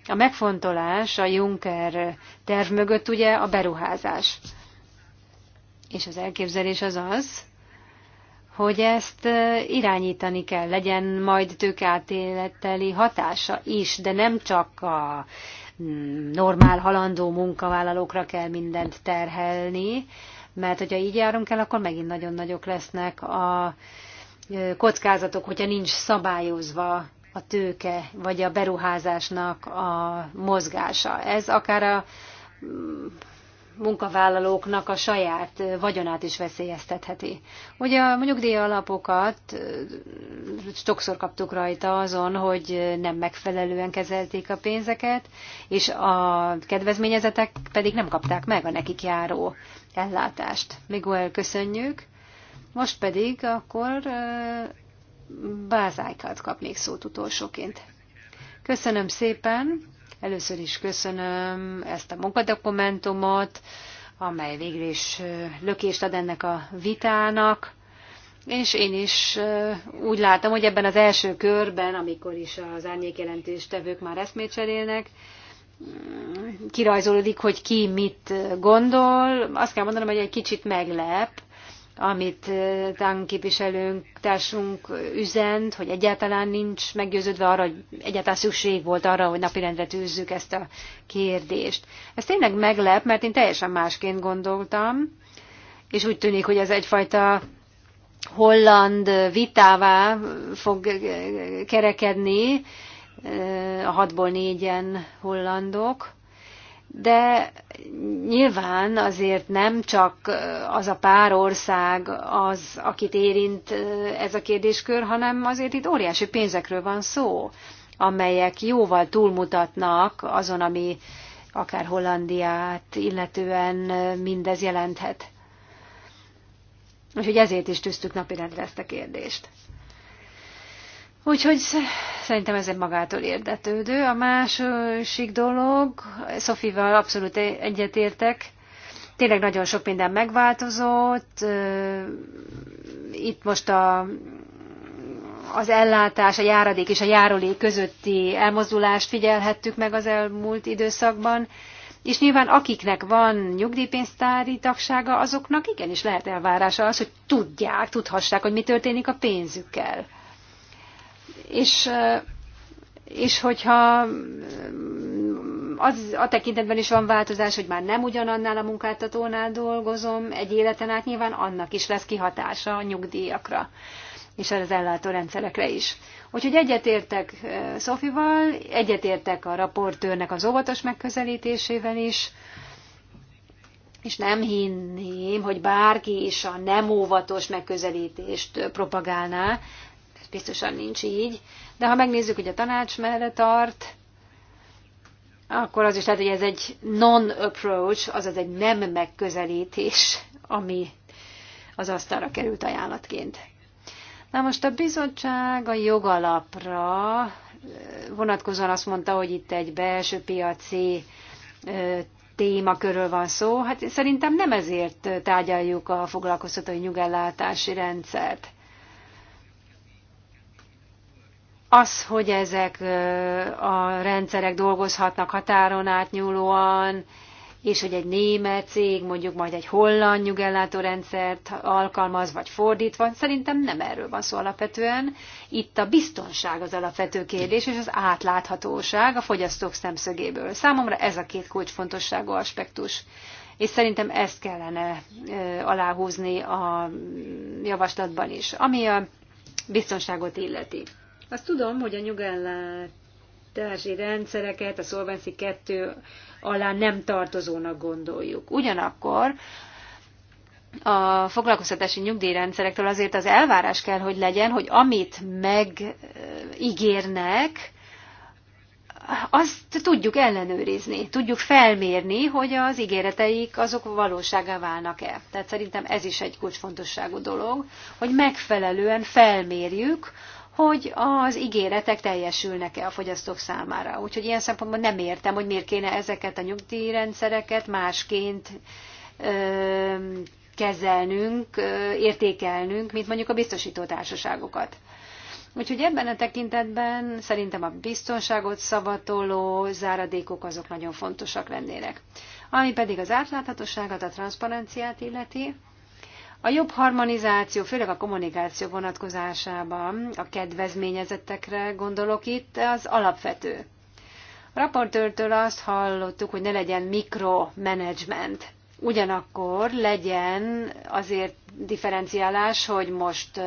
A megfontolás a Juncker terv mögött ugye a beruházás. És az elképzelés az az, hogy ezt irányítani kell, legyen majd tőkeátéleteli hatása is, de nem csak a mm, normál halandó munkavállalókra kell mindent terhelni, mert hogyha így járunk el, akkor megint nagyon nagyok lesznek a kockázatok, hogyha nincs szabályozva a tőke vagy a beruházásnak a mozgása. Ez akár a munkavállalóknak a saját vagyonát is veszélyeztetheti. Ugye a nyugdíj alapokat eh, sokszor kaptuk rajta azon, hogy nem megfelelően kezelték a pénzeket, és a kedvezményezetek pedig nem kapták meg a nekik járó ellátást. Miguel, köszönjük. Most pedig akkor bázájkat kapnék szót utolsóként. Köszönöm szépen, először is köszönöm ezt a munkadokumentumot, amely végül is lökést ad ennek a vitának, és én is úgy látom, hogy ebben az első körben, amikor is az árnyékjelentéstevők már eszmét cserélnek, mm, kirajzolódik, hogy ki mit gondol. Azt kell mondanom, hogy egy kicsit meglep, amit Tán képviselőnk, társunk üzent, hogy egyáltalán nincs meggyőződve arra, hogy egyáltalán szükség volt arra, hogy napirendre tűzzük ezt a kérdést. Ez tényleg meglep, mert én teljesen másként gondoltam, és úgy tűnik, hogy ez egyfajta holland vitává fog kerekedni, a hatból négyen hollandok, de nyilván azért nem csak az a pár ország az, akit érint ez a kérdéskör, hanem azért itt óriási pénzekről van szó, amelyek jóval túlmutatnak azon, ami akár Hollandiát illetően mindez jelenthet. Úgyhogy ezért is tűztük napirendre ezt a kérdést. Úgyhogy szerintem ez egy magától érdetődő. A másik dolog, Szofival abszolút e- egyetértek, tényleg nagyon sok minden megváltozott. Itt most a, az ellátás, a járadék és a járólék közötti elmozdulást figyelhettük meg az elmúlt időszakban. És nyilván akiknek van nyugdíjpénztári tagsága, azoknak igenis lehet elvárása az, hogy tudják, tudhassák, hogy mi történik a pénzükkel és, eh, és hogyha mm, az a tekintetben is van változás, hogy már nem ugyanannál a munkáltatónál dolgozom egy életen át, nyilván annak is lesz kihatása a nyugdíjakra és az ellátórendszerekre is. Úgyhogy egyetértek eh, Szofival, egyetértek a raportőrnek az óvatos megközelítésével is, és nem hinném, hogy bárki is a nem óvatos megközelítést propagálná, biztosan nincs így, de ha megnézzük, hogy a tanács merre tart, akkor az is lehet, hogy ez egy non-approach, azaz egy nem megközelítés, ami az asztalra került ajánlatként. Na most a bizottság a jogalapra eh, vonatkozóan azt mondta, hogy itt egy belső piaci eh, témakörről van szó. Hát szerintem nem ezért tárgyaljuk a foglalkoztatói nyugellátási rendszert. Az, hogy ezek a rendszerek dolgozhatnak határon átnyúlóan, és hogy egy német cég mondjuk majd egy holland nyugellátórendszert alkalmaz, vagy fordítva, szerintem nem erről van szó alapvetően. Itt a biztonság az alapvető kérdés, és az átláthatóság a fogyasztók szemszögéből. Számomra ez a két kulcsfontosságú aspektus. És szerintem ezt kellene aláhúzni a javaslatban is, ami a biztonságot illeti. Azt tudom, hogy a nyugellátási rendszereket a Solvency 2 alá nem tartozónak gondoljuk. Ugyanakkor a foglalkoztatási nyugdíjrendszerektől azért az elvárás kell, hogy legyen, hogy amit megígérnek, azt tudjuk ellenőrizni, tudjuk felmérni, hogy az ígéreteik azok valóságá válnak-e. Tehát szerintem ez is egy kulcsfontosságú dolog, hogy megfelelően felmérjük hogy az ígéretek teljesülnek-e a fogyasztók számára. Úgyhogy ilyen szempontból nem értem, hogy miért kéne ezeket a nyugdíjrendszereket másként ö, kezelnünk, ö, értékelnünk, mint mondjuk a biztosító társaságokat. Úgyhogy ebben a tekintetben szerintem a biztonságot szavatoló záradékok azok nagyon fontosak lennének. Ami pedig az átláthatóságot, a transzparenciát illeti, a jobb harmonizáció, főleg a kommunikáció vonatkozásában, a kedvezményezettekre gondolok itt, az alapvető. A raportőrtől azt hallottuk, hogy ne legyen mikromanagement. Ugyanakkor legyen azért differenciálás, hogy most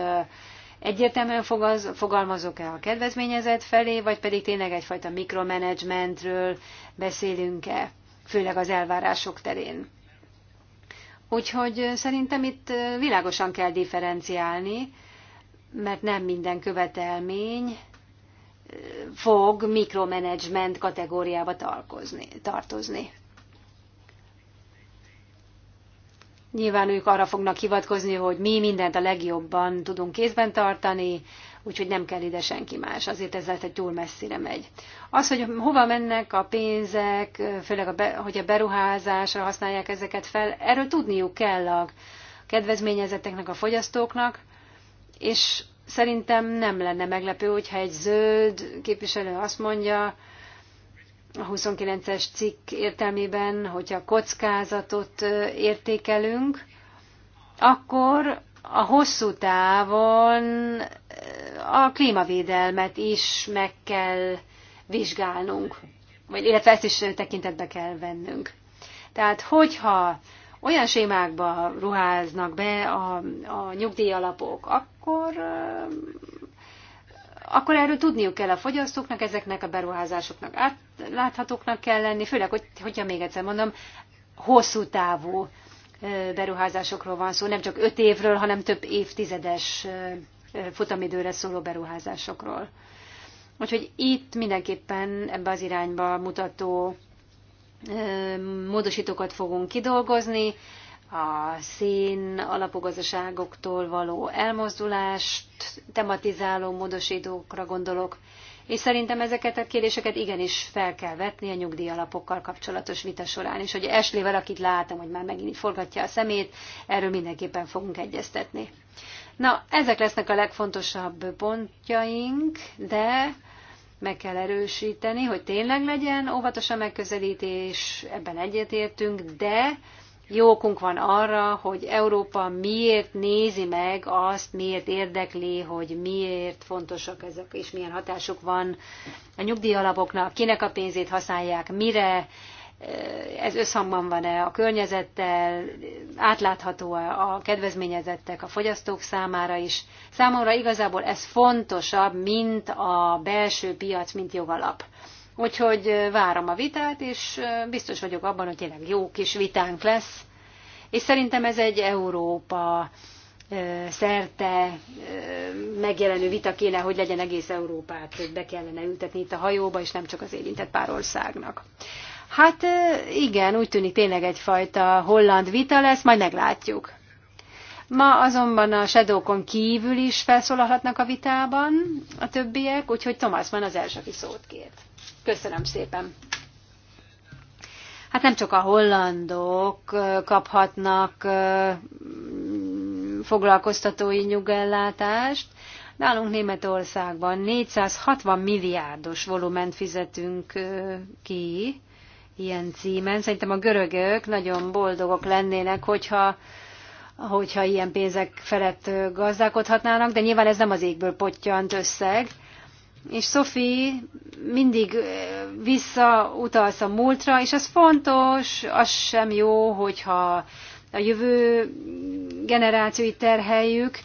egyértelműen fogalmazok-e a kedvezményezett felé, vagy pedig tényleg egyfajta mikromanagementről beszélünk-e, főleg az elvárások terén. Úgyhogy szerintem itt világosan kell differenciálni, mert nem minden követelmény fog mikromanagement kategóriába tartozni. Nyilván ők arra fognak hivatkozni, hogy mi mindent a legjobban tudunk kézben tartani, úgyhogy nem kell ide senki más, azért ez lehet, hogy túl messzire megy. Az, hogy hova mennek a pénzek, főleg a be, hogy a beruházásra használják ezeket fel, erről tudniuk kell a kedvezményezetteknek, a fogyasztóknak, és szerintem nem lenne meglepő, hogyha egy zöld képviselő azt mondja, a 29-es cikk értelmében, hogyha kockázatot értékelünk, akkor a hosszú távon a klímavédelmet is meg kell vizsgálnunk, vagy illetve ezt is tekintetbe kell vennünk. Tehát, hogyha olyan sémákba ruháznak be a, a nyugdíjalapok, akkor, akkor erről tudniuk kell a fogyasztóknak, ezeknek a beruházásoknak átláthatóknak kell lenni, főleg, hogy, hogyha még egyszer mondom, hosszú távú beruházásokról van szó, nem csak öt évről, hanem több évtizedes futamidőre szóló beruházásokról. Úgyhogy itt mindenképpen ebbe az irányba mutató módosítókat fogunk kidolgozni, a szén alapogazdaságoktól való elmozdulást tematizáló módosítókra gondolok, és szerintem ezeket a kérdéseket igenis fel kell vetni a nyugdíjalapokkal kapcsolatos vita során, és hogy Eslével, akit látom, hogy már megint forgatja a szemét, erről mindenképpen fogunk egyeztetni. Na, ezek lesznek a legfontosabb pontjaink, de meg kell erősíteni, hogy tényleg legyen óvatos a megközelítés, ebben egyetértünk, de jókunk van arra, hogy Európa miért nézi meg azt, miért érdekli, hogy miért fontosak ezek, és milyen hatásuk van a nyugdíjalapoknak, kinek a pénzét használják, mire, eh, ez összhangban van-e a környezettel, átlátható-e a kedvezményezettek a fogyasztók számára is. Számomra igazából ez fontosabb, mint a belső piac, mint jogalap. Úgyhogy várom a vitát, és biztos vagyok abban, hogy tényleg jó kis vitánk lesz. És szerintem ez egy Európa szerte megjelenő vita kéne, hogy legyen egész Európát, hogy be kellene ültetni itt a hajóba, és nem csak az érintett pár országnak. Hát igen, úgy tűnik tényleg egyfajta holland vita lesz, majd meglátjuk. Ma azonban a sedókon kívül is felszólalhatnak a vitában a többiek, úgyhogy Tomás van az első szót kért. Köszönöm szépen. Hát nem csak a hollandok kaphatnak foglalkoztatói nyugellátást, Nálunk Németországban 460 milliárdos volument fizetünk ki ilyen címen. Szerintem a görögök nagyon boldogok lennének, hogyha, hogyha ilyen pénzek felett gazdálkodhatnának, de nyilván ez nem az égből pottyant összeg, és Sophie mindig visszautalsz a múltra, és ez fontos, az sem jó, hogyha a jövő generációi terheljük,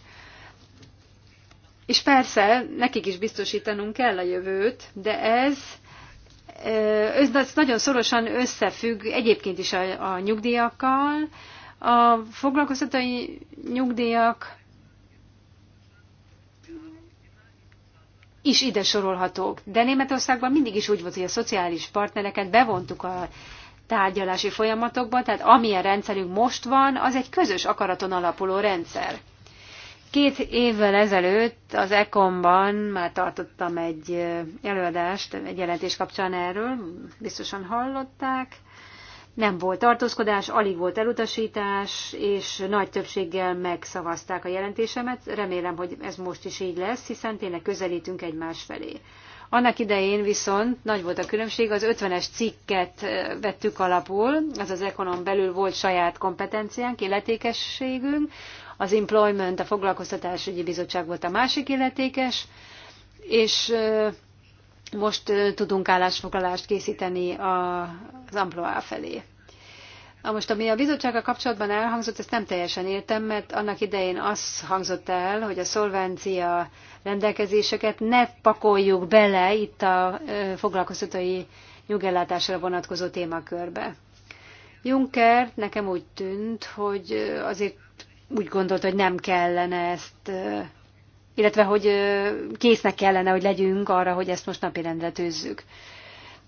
és persze, nekik is biztosítanunk kell a jövőt, de ez, ez nagyon szorosan összefügg egyébként is a, a nyugdíjakkal. A foglalkoztatói nyugdíjak is ide sorolhatók. De Németországban mindig is úgy volt, hogy a szociális partnereket bevontuk a tárgyalási folyamatokban, tehát amilyen rendszerünk most van, az egy közös akaraton alapuló rendszer. Két évvel ezelőtt az ECOM-ban már tartottam egy előadást, egy jelentés kapcsán erről, biztosan hallották, nem volt tartózkodás, alig volt elutasítás, és nagy többséggel megszavazták a jelentésemet. Remélem, hogy ez most is így lesz, hiszen tényleg közelítünk egymás felé. Annak idején viszont nagy volt a különbség, az 50-es cikket vettük alapul, az az ekonom belül volt saját kompetenciánk, illetékességünk, az Employment, a Foglalkoztatásügyi Bizottság volt a másik illetékes, és most tudunk állásfoglalást készíteni az Amploá felé. A most, ami a bizottsággal kapcsolatban elhangzott, ezt nem teljesen értem, mert annak idején az hangzott el, hogy a szolvencia rendelkezéseket ne pakoljuk bele itt a foglalkoztatói nyugellátásra vonatkozó témakörbe. Juncker nekem úgy tűnt, hogy azért úgy gondolt, hogy nem kellene ezt illetve hogy késznek kellene, hogy legyünk arra, hogy ezt most napirendre tűzzük.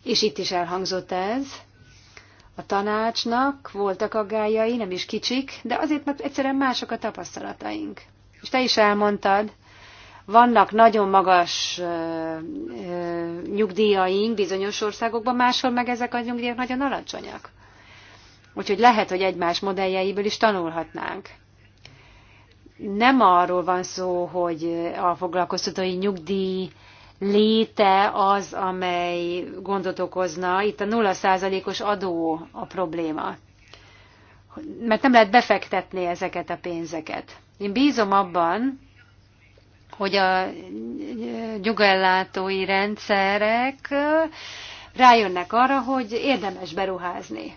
És itt is elhangzott ez. A tanácsnak voltak aggájai, nem is kicsik, de azért, mert egyszerűen mások a tapasztalataink. És te is elmondtad, vannak nagyon magas ö, ö, nyugdíjaink bizonyos országokban, máshol meg ezek a nyugdíjak nagyon alacsonyak. Úgyhogy lehet, hogy egymás modelljeiből is tanulhatnánk nem arról van szó, hogy a foglalkoztatói nyugdíj léte az, amely gondot okozna. Itt a 0%-os adó a probléma. Mert nem lehet befektetni ezeket a pénzeket. Én bízom abban, hogy a nyugellátói rendszerek rájönnek arra, hogy érdemes beruházni,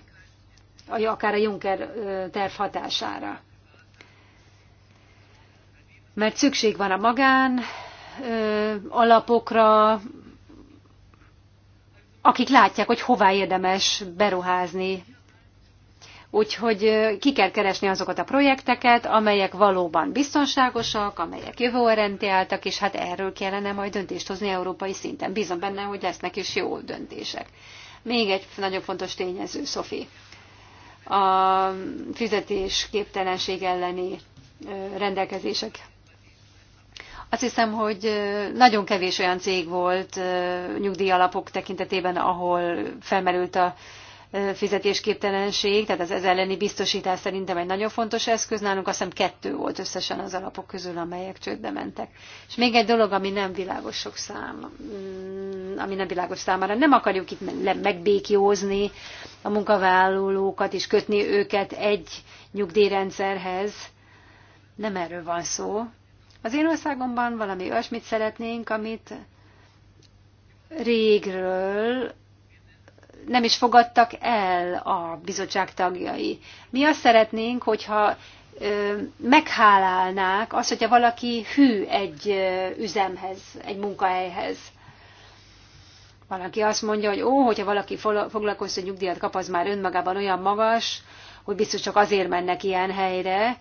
akár a Juncker terv hatására mert szükség van a magán ö, alapokra, akik látják, hogy hová érdemes beruházni. Úgyhogy ki kell keresni azokat a projekteket, amelyek valóban biztonságosak, amelyek jövőorientáltak, és hát erről kellene majd döntést hozni európai szinten. Bízom benne, hogy lesznek is jó döntések. Még egy nagyon fontos tényező, Szofi. A fizetés képtelenség elleni rendelkezések azt hiszem, hogy nagyon kevés olyan cég volt nyugdíjalapok tekintetében, ahol felmerült a fizetésképtelenség, tehát az ez elleni biztosítás szerintem egy nagyon fontos eszköz. Nálunk azt hiszem kettő volt összesen az alapok közül, amelyek csődbe mentek. És még egy dolog, ami nem világos sok szám, mm, ami nem világos számára. Nem akarjuk itt megbékiózni a munkavállalókat és kötni őket egy nyugdíjrendszerhez. Nem erről van szó, az én országomban valami olyasmit szeretnénk, amit régről nem is fogadtak el a bizottság tagjai. Mi azt szeretnénk, hogyha meghálálnák azt, hogyha valaki hű egy üzemhez, egy munkahelyhez. Valaki azt mondja, hogy ó, hogyha valaki foglalkoztató nyugdíjat kap, az már önmagában olyan magas, hogy biztos csak azért mennek ilyen helyre,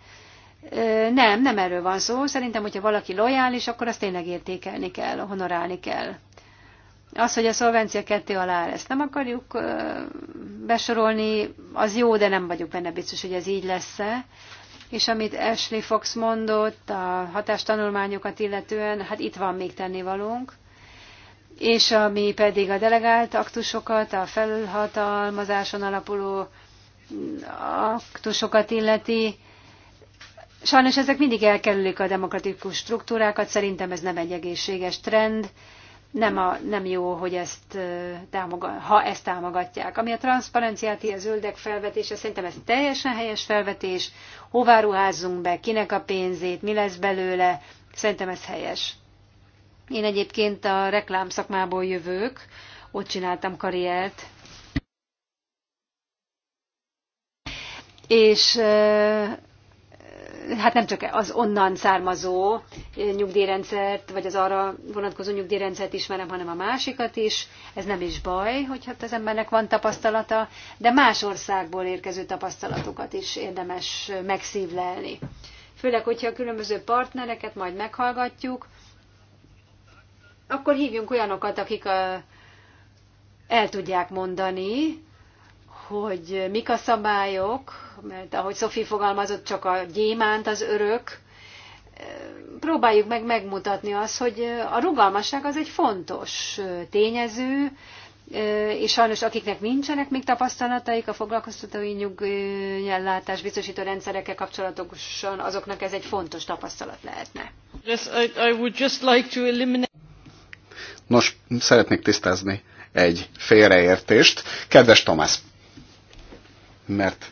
nem, nem erről van szó. Szerintem, hogyha valaki lojális, akkor azt tényleg értékelni kell, honorálni kell. Az, hogy a szolvencia kettő alá ezt nem akarjuk besorolni, az jó, de nem vagyok benne biztos, hogy ez így lesz-e. És amit Ashley Fox mondott a hatástanulmányokat illetően, hát itt van még tennivalónk. És ami pedig a delegált aktusokat, a felhatalmazáson alapuló aktusokat illeti, Sajnos ezek mindig elkerülik a demokratikus struktúrákat, szerintem ez nem egy egészséges trend, nem, a, nem jó, hogy ezt támogat, ha ezt támogatják. Ami a transzparenciát, a zöldek felvetése, szerintem ez teljesen helyes felvetés, hová ruházzunk be, kinek a pénzét, mi lesz belőle, szerintem ez helyes. Én egyébként a reklám szakmából jövök, ott csináltam karriert, és hát nem csak az onnan származó eh, nyugdíjrendszert, vagy az arra vonatkozó nyugdíjrendszert ismerem, hanem a másikat is. Ez nem is baj, hogy hát az embernek van tapasztalata, de más országból érkező tapasztalatokat is érdemes megszívlelni. Főleg, hogyha a különböző partnereket majd meghallgatjuk, akkor hívjunk olyanokat, akik a, eh, el tudják mondani, hogy mik a szabályok, mert ahogy Szofi fogalmazott, csak a gyémánt az örök. Próbáljuk meg megmutatni azt, hogy a rugalmasság az egy fontos tényező, és sajnos akiknek nincsenek még tapasztalataik a foglalkoztatói nyugellátás biztosító rendszerekkel kapcsolatosan, azoknak ez egy fontos tapasztalat lehetne. Yes, I, I would just like to eliminate... Nos, szeretnék tisztázni egy félreértést. Kedves Tomás, mert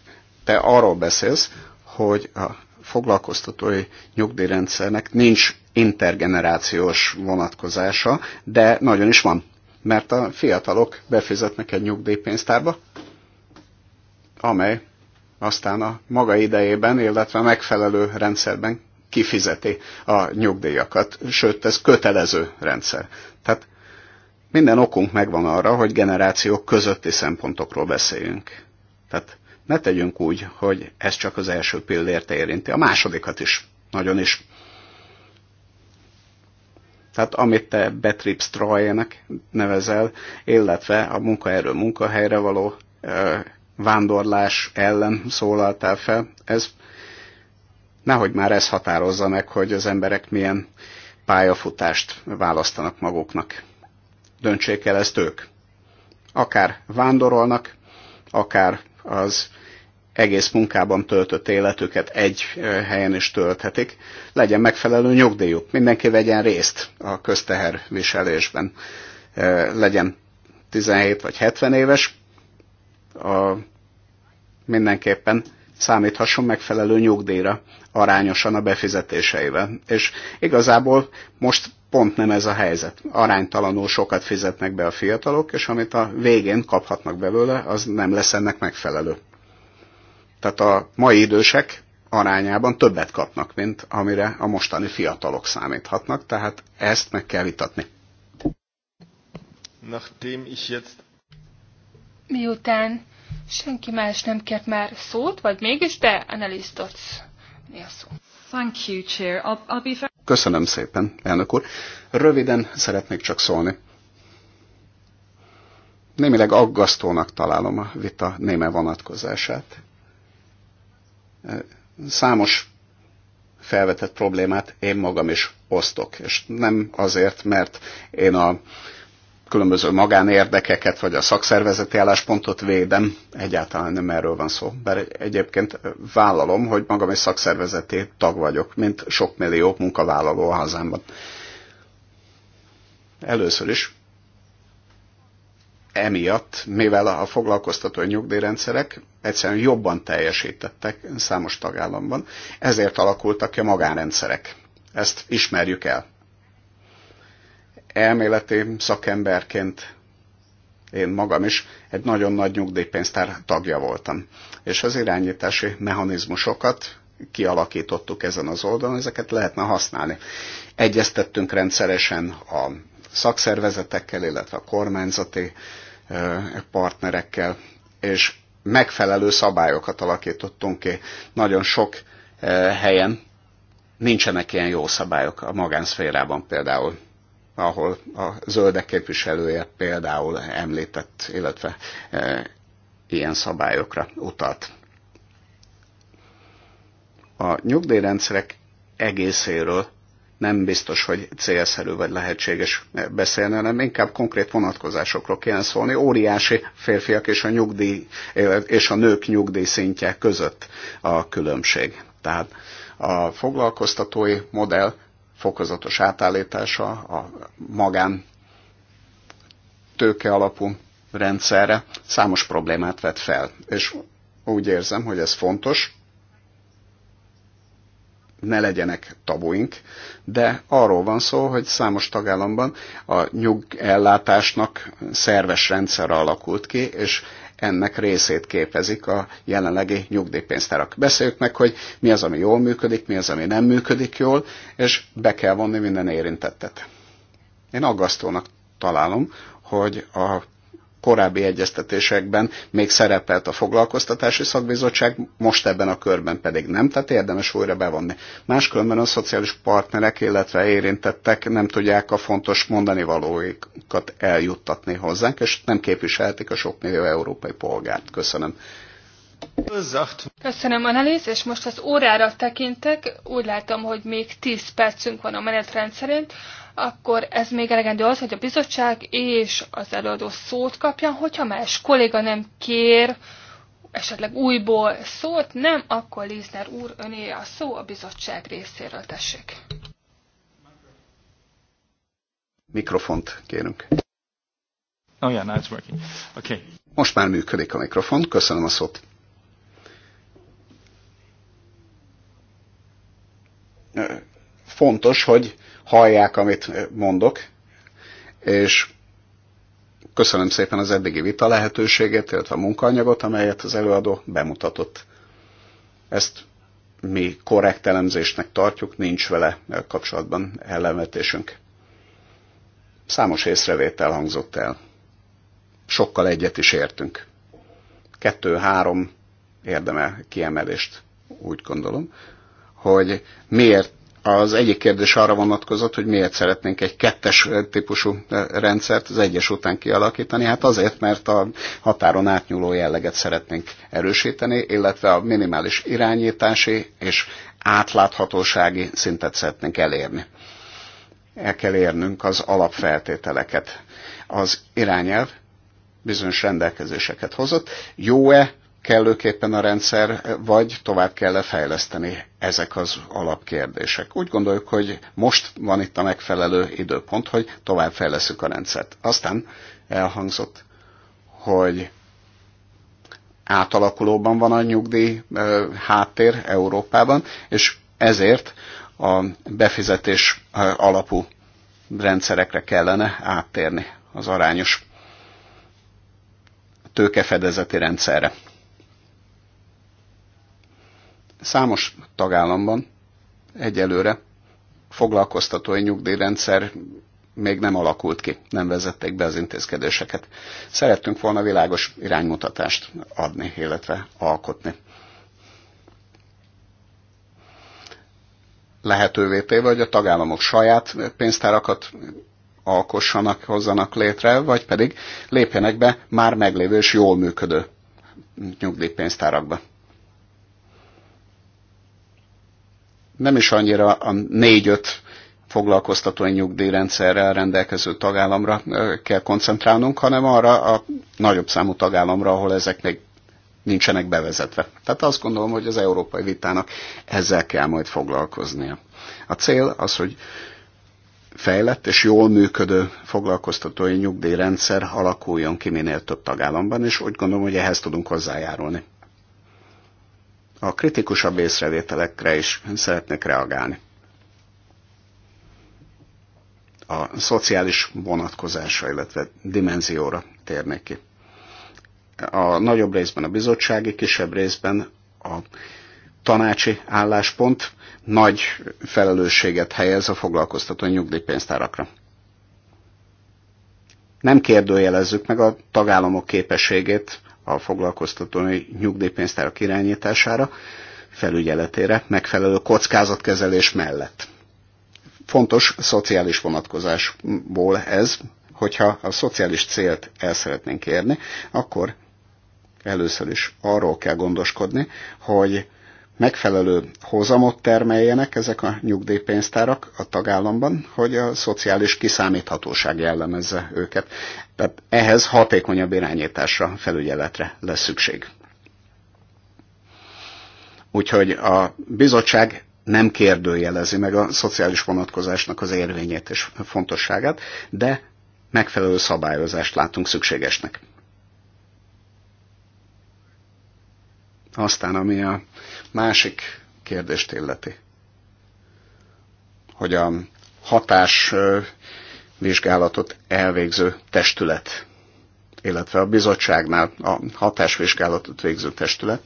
te arról beszélsz, hogy a foglalkoztatói nyugdíjrendszernek nincs intergenerációs vonatkozása, de nagyon is van. Mert a fiatalok befizetnek egy nyugdíjpénztárba, amely aztán a maga idejében, illetve megfelelő rendszerben kifizeti a nyugdíjakat. Sőt, ez kötelező rendszer. Tehát minden okunk megvan arra, hogy generációk közötti szempontokról beszéljünk. Tehát ne tegyünk úgy, hogy ez csak az első pillért érinti, a másodikat is, nagyon is. Tehát amit te betrip strajenek nevezel, illetve a munkaerő munkahelyre való ö, vándorlás ellen szólaltál fel, ez nehogy már ez határozza meg, hogy az emberek milyen pályafutást választanak maguknak. Döntsék el ezt ők. Akár vándorolnak, akár az egész munkában töltött életüket egy eh, helyen is tölthetik, legyen megfelelő nyugdíjuk, mindenki vegyen részt a közteherviselésben. Eh, legyen 17 vagy 70 éves, a, mindenképpen számíthasson megfelelő nyugdíjra arányosan a befizetéseivel. És igazából most pont nem ez a helyzet. Aránytalanul sokat fizetnek be a fiatalok, és amit a végén kaphatnak belőle, az nem lesz ennek megfelelő. Tehát a mai idősek arányában többet kapnak, mint amire a mostani fiatalok számíthatnak, tehát ezt meg kell vitatni. Nachdem ich jetzt... Miután senki más nem kért már szót, vagy mégis, te Annelies Dotz szó. Thank you, Chair. I'll, I'll be Köszönöm szépen, elnök úr. Röviden szeretnék csak szólni. Némileg aggasztónak találom a vita néme vonatkozását Számos felvetett problémát én magam is osztok, és nem azért, mert én a különböző magánérdekeket, vagy a szakszervezeti álláspontot védem, egyáltalán nem erről van szó. Bár egyébként vállalom, hogy magam is szakszervezeti tag vagyok, mint sok millió munkavállaló a hazámban. Először is emiatt, mivel a foglalkoztató nyugdíjrendszerek egyszerűen jobban teljesítettek számos tagállamban, ezért alakultak ki a magánrendszerek. Ezt ismerjük el. Elméleti szakemberként én magam is egy nagyon nagy nyugdíjpénztár tagja voltam. És az irányítási mechanizmusokat kialakítottuk ezen az oldalon, ezeket lehetne használni. Egyeztettünk rendszeresen a szakszervezetekkel, illetve a kormányzati partnerekkel, és megfelelő szabályokat alakítottunk ki. Nagyon sok helyen nincsenek ilyen jó szabályok a magánszférában például ahol a zöldek képviselője például említett, illetve e, ilyen szabályokra utalt. A nyugdíjrendszerek egészéről nem biztos, hogy célszerű vagy lehetséges beszélni, hanem inkább konkrét vonatkozásokról kéne szólni. Óriási férfiak és a, nyugdíj, és a nők nyugdíj szintje között a különbség. Tehát a foglalkoztatói modell fokozatos átállítása a magán tőke alapú rendszerre számos problémát vet fel. És úgy érzem, hogy ez fontos, ne legyenek tabuink, de arról van szó, hogy számos tagállamban a nyugellátásnak szerves rendszerre alakult ki, és ennek részét képezik a jelenlegi nyugdíjpénztárak. Beszéljük meg, hogy mi az, ami jól működik, mi az, ami nem működik jól, és be kell vonni minden érintettet. Én aggasztónak találom, hogy a korábbi egyeztetésekben még szerepelt a foglalkoztatási szakbizottság, most ebben a körben pedig nem, tehát érdemes újra bevonni. Máskülönben a szociális partnerek, illetve érintettek nem tudják a fontos mondani valóikat eljuttatni hozzánk, és nem képviselhetik a sok millió európai polgárt. Köszönöm. Köszönöm, Annelies, és most az órára tekintek. Úgy látom, hogy még 10 percünk van a menetrend szerint. Akkor ez még elegendő az, hogy a bizottság és az előadó szót kapja, hogyha más kolléga nem kér esetleg újból szót, nem, akkor Lézner úr öné a szó a bizottság részéről, tessék. Mikrofont kérünk. Oh yeah, now it's working. Okay. Most már működik a mikrofon, köszönöm a szót. fontos, hogy hallják, amit mondok, és köszönöm szépen az eddigi vita lehetőséget, illetve a munkaanyagot, amelyet az előadó bemutatott. Ezt mi korrekt elemzésnek tartjuk, nincs vele kapcsolatban ellenvetésünk. Számos észrevétel hangzott el. Sokkal egyet is értünk. Kettő-három érdemel kiemelést, úgy gondolom hogy miért az egyik kérdés arra vonatkozott, hogy miért szeretnénk egy kettes típusú eh, rendszert az egyes után kialakítani. Hát azért, mert a határon átnyúló jelleget szeretnénk erősíteni, illetve a minimális irányítási és átláthatósági szintet szeretnénk elérni. El kell érnünk az alapfeltételeket. Az irányelv bizonyos rendelkezéseket hozott. Jó-e kellőképpen a rendszer, vagy tovább kell-e fejleszteni ezek az alapkérdések. Úgy gondoljuk, hogy most van itt a megfelelő időpont, hogy tovább fejleszünk a rendszert. Aztán elhangzott, hogy átalakulóban van a nyugdíj háttér Európában, és ezért a befizetés alapú rendszerekre kellene áttérni az arányos tőkefedezeti rendszerre. Számos tagállamban egyelőre foglalkoztatói nyugdíjrendszer még nem alakult ki, nem vezették be az intézkedéseket. Szerettünk volna világos iránymutatást adni, illetve alkotni. Lehetővé téve, hogy a tagállamok saját pénztárakat alkossanak, hozzanak létre, vagy pedig lépjenek be már meglévő és jól működő nyugdíjpénztárakba. nem is annyira a négy-öt foglalkoztató nyugdíjrendszerrel rendelkező tagállamra kell koncentrálnunk, hanem arra a nagyobb számú tagállamra, ahol ezek még nincsenek bevezetve. Tehát azt gondolom, hogy az európai vitának ezzel kell majd foglalkoznia. A cél az, hogy fejlett és jól működő foglalkoztatói nyugdíjrendszer alakuljon ki minél több tagállamban, és úgy gondolom, hogy ehhez tudunk hozzájárulni a kritikusabb észrevételekre is szeretnek reagálni. A szociális vonatkozásra, illetve dimenzióra térnek ki. A nagyobb részben a bizottsági, kisebb részben a tanácsi álláspont nagy felelősséget helyez a foglalkoztató nyugdíjpénztárakra. Nem kérdőjelezzük meg a tagállamok képességét a foglalkoztatói nyugdíjpénztárak irányítására, felügyeletére, megfelelő kockázatkezelés mellett. Fontos szociális vonatkozásból ez, hogyha a szociális célt el szeretnénk érni, akkor először is arról kell gondoskodni, hogy megfelelő hozamot termeljenek ezek a nyugdíjpénztárak a tagállamban, hogy a szociális kiszámíthatóság jellemezze őket. Tehát ehhez hatékonyabb irányításra, felügyeletre lesz szükség. Úgyhogy a bizottság nem kérdőjelezi meg a szociális vonatkozásnak az érvényét és fontosságát, de megfelelő szabályozást látunk szükségesnek. Aztán, ami a másik kérdést illeti, hogy a hatás vizsgálatot elvégző testület, illetve a bizottságnál a hatásvizsgálatot végző testület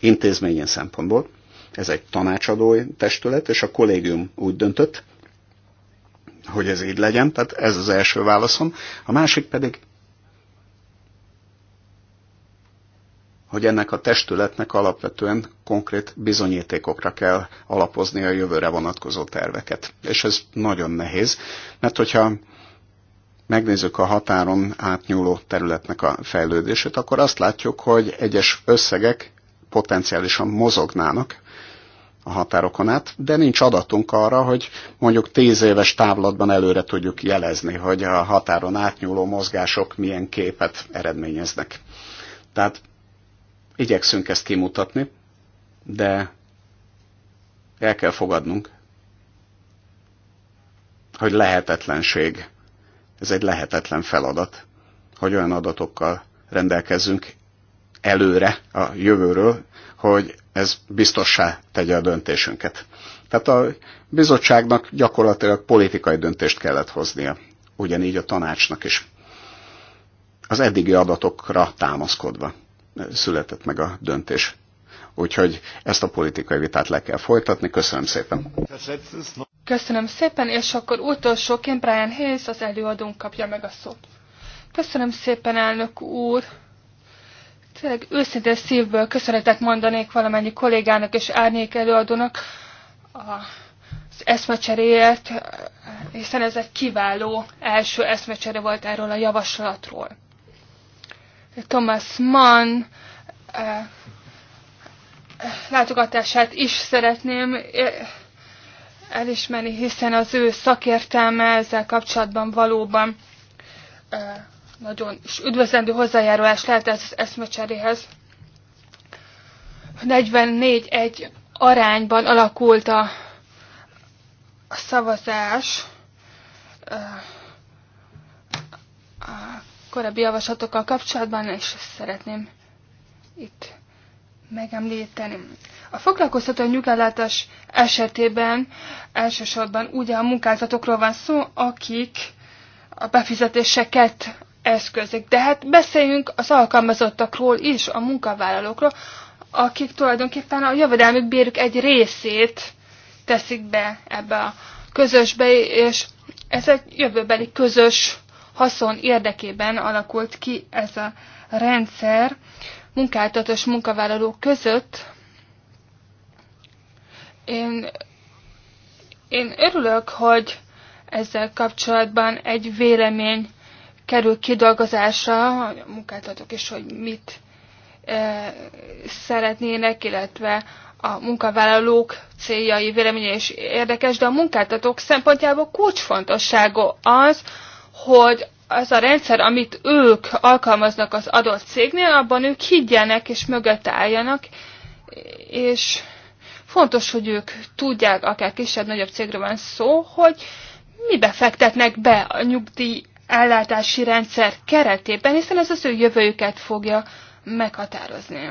intézményen szempontból, ez egy tanácsadói testület, és a kollégium úgy döntött, hogy ez így legyen, tehát ez az első válaszom. A másik pedig hogy ennek a testületnek alapvetően konkrét bizonyítékokra kell alapozni a jövőre vonatkozó terveket. És ez nagyon nehéz, mert hogyha megnézzük a határon átnyúló területnek a fejlődését, akkor azt látjuk, hogy egyes összegek potenciálisan mozognának a határokon át, de nincs adatunk arra, hogy mondjuk tíz éves távlatban előre tudjuk jelezni, hogy a határon átnyúló mozgások milyen képet eredményeznek. Tehát Igyekszünk ezt kimutatni, de el kell fogadnunk, hogy lehetetlenség, ez egy lehetetlen feladat, hogy olyan adatokkal rendelkezzünk előre a jövőről, hogy ez biztossá tegye a döntésünket. Tehát a bizottságnak gyakorlatilag politikai döntést kellett hoznia, ugyanígy a tanácsnak is. Az eddigi adatokra támaszkodva született meg a döntés. Úgyhogy ezt a politikai vitát le kell folytatni. Köszönöm szépen. Köszönöm szépen, és akkor utolsóként Brian Hayes, az előadónk kapja meg a szót. Köszönöm szépen, elnök úr! Tényleg őszintén szívből köszönetet mondanék valamennyi kollégának és árnyék előadónak az eszmecseréért, hiszen ez egy kiváló első eszmecsere volt erről a javaslatról. Thomas Mann eh, látogatását is szeretném eh, elismerni, hiszen az ő szakértelme ezzel kapcsolatban valóban eh, nagyon és üdvözlendő hozzájárulás lehet ez az eszmecseréhez. 44-1 arányban alakult a, a szavazás korábbi javaslatokkal kapcsolatban, és szeretném itt megemlíteni. A foglalkoztató nyugállátás esetében elsősorban ugye a munkázatokról van szó, akik a befizetéseket eszközök. De hát beszéljünk az alkalmazottakról is, a munkavállalókról, akik tulajdonképpen a jövedelmük bérük egy részét teszik be ebbe a közösbe, és ez egy jövőbeli közös haszon érdekében alakult ki ez a rendszer munkáltatós munkavállalók között. Én, én örülök, hogy ezzel kapcsolatban egy vélemény kerül kidolgozásra a munkáltatók is, hogy mit e, szeretnének, illetve a munkavállalók céljai, véleménye is érdekes, de a munkáltatók szempontjából kulcsfontosságú az, hogy az a rendszer, amit ők alkalmaznak az adott cégnél, abban ők higgyenek és mögött álljanak, és fontos, hogy ők tudják, akár kisebb-nagyobb cégről van szó, hogy mibe fektetnek be a nyugdíj ellátási rendszer keretében, hiszen ez az ő jövőjüket fogja meghatározni.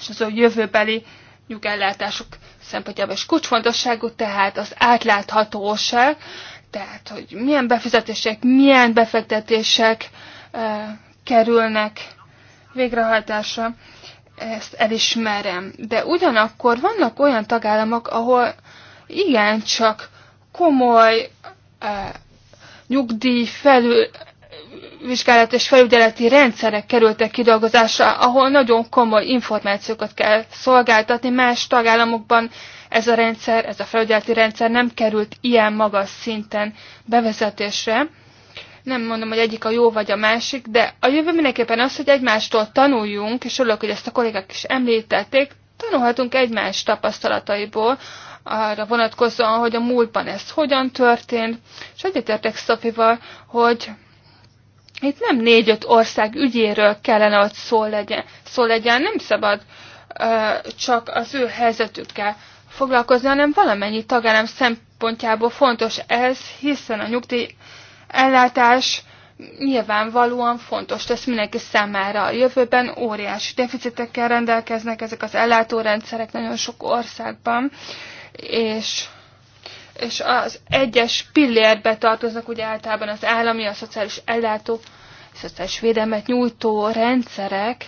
És az ő jövőbeli nyugellátások szempontjából is kulcsfontosságú, tehát az átláthatóság, tehát, hogy milyen befizetések, milyen befektetések e, kerülnek végrehajtásra, ezt elismerem. De ugyanakkor vannak olyan tagállamok, ahol igencsak komoly e, nyugdíj felül, vizsgálat és felügyeleti rendszerek kerültek kidolgozásra, ahol nagyon komoly információkat kell szolgáltatni. Más tagállamokban ez a rendszer, ez a felügyeleti rendszer nem került ilyen magas szinten bevezetésre. Nem mondom, hogy egyik a jó vagy a másik, de a jövő mindenképpen az, hogy egymástól tanuljunk, és örülök, hogy ezt a kollégák is említették, tanulhatunk egymás tapasztalataiból, arra vonatkozóan, hogy a múltban ez hogyan történt, és egyetértek Szofival, hogy itt nem négy-öt ország ügyéről kellene, hogy szó legyen. Szó legyen. Nem szabad ö, csak az ő helyzetükkel foglalkozni, hanem valamennyi tagállam szempontjából fontos ez, hiszen a nyugdíj ellátás nyilvánvalóan fontos lesz mindenki számára. A jövőben óriási deficitekkel rendelkeznek ezek az ellátórendszerek nagyon sok országban, és és az egyes pillérbe tartoznak ugye általában az állami, a szociális ellátó, a szociális védelmet nyújtó rendszerek,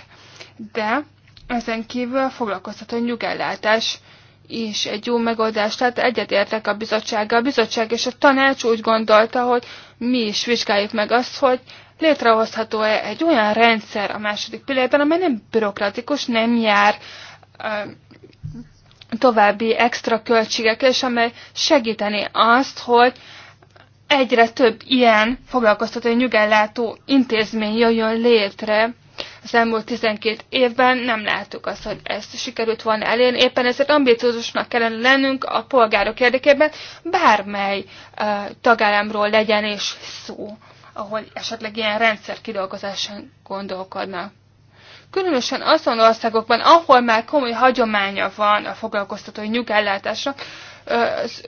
de ezen kívül a foglalkoztató nyugellátás is egy jó megoldás. Tehát egyetértek a bizottsággal. A bizottság és a tanács úgy gondolta, hogy mi is vizsgáljuk meg azt, hogy létrehozható-e egy olyan rendszer a második pillérben, amely nem bürokratikus, nem jár további extra költségekkel, és amely segíteni azt, hogy egyre több ilyen foglalkoztató nyugellátó intézmény jöjjön létre. Az elmúlt 12 évben nem láttuk azt, hogy ezt sikerült volna elérni. Éppen ezért ambiciózusnak kellene lennünk a polgárok érdekében, bármely uh, tagállamról legyen és szó, ahol esetleg ilyen rendszer kidolgozáson gondolkodnak. Különösen azon országokban, ahol már komoly hagyománya van a foglalkoztatói nyugellátásnak, az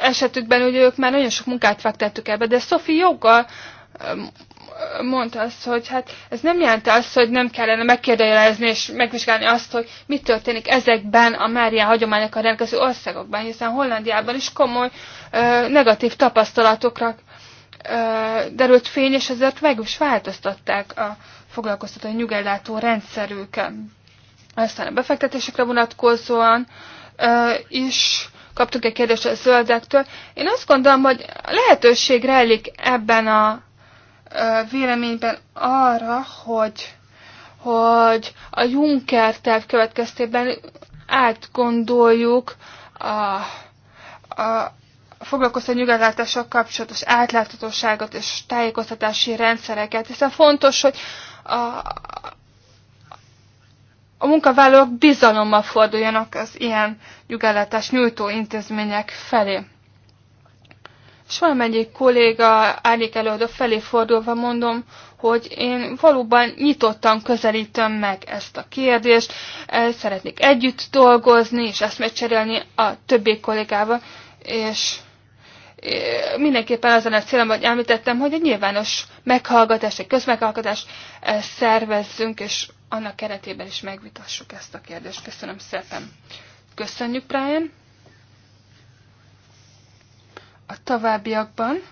esetükben ugye ők már nagyon sok munkát fektettük ebbe, de Szofi joggal mondta azt, hogy hát ez nem jelenti azt, hogy nem kellene megkérdőjelezni és megvizsgálni azt, hogy mit történik ezekben a már ilyen hagyományokkal rendelkező országokban, hiszen Hollandiában is komoly ö, negatív tapasztalatokra ö, derült fény, és ezért meg is változtatták a foglalkoztató nyugellátó rendszerükkel. Aztán a befektetésekre vonatkozóan is kaptunk egy kérdést a zöldektől. Én azt gondolom, hogy lehetőség rejlik ebben a véleményben arra, hogy, hogy a Juncker terv következtében átgondoljuk a, a foglalkoztató nyugatlátással kapcsolatos átláthatóságot és tájékoztatási rendszereket, hiszen fontos, hogy a, a munkavállalók bizalommal forduljanak az ilyen nyugellátás nyújtó intézmények felé. És valamelyik kolléga árnyék előadó felé fordulva mondom, hogy én valóban nyitottan közelítem meg ezt a kérdést, e, szeretnék együtt dolgozni és ezt megcserélni a többi kollégával, és mindenképpen az a célom, hogy említettem, hogy egy nyilvános meghallgatás, egy közmeghallgatás eh, szervezzünk, és annak keretében is megvitassuk ezt a kérdést. Köszönöm szépen. Köszönjük, Brian. A továbbiakban.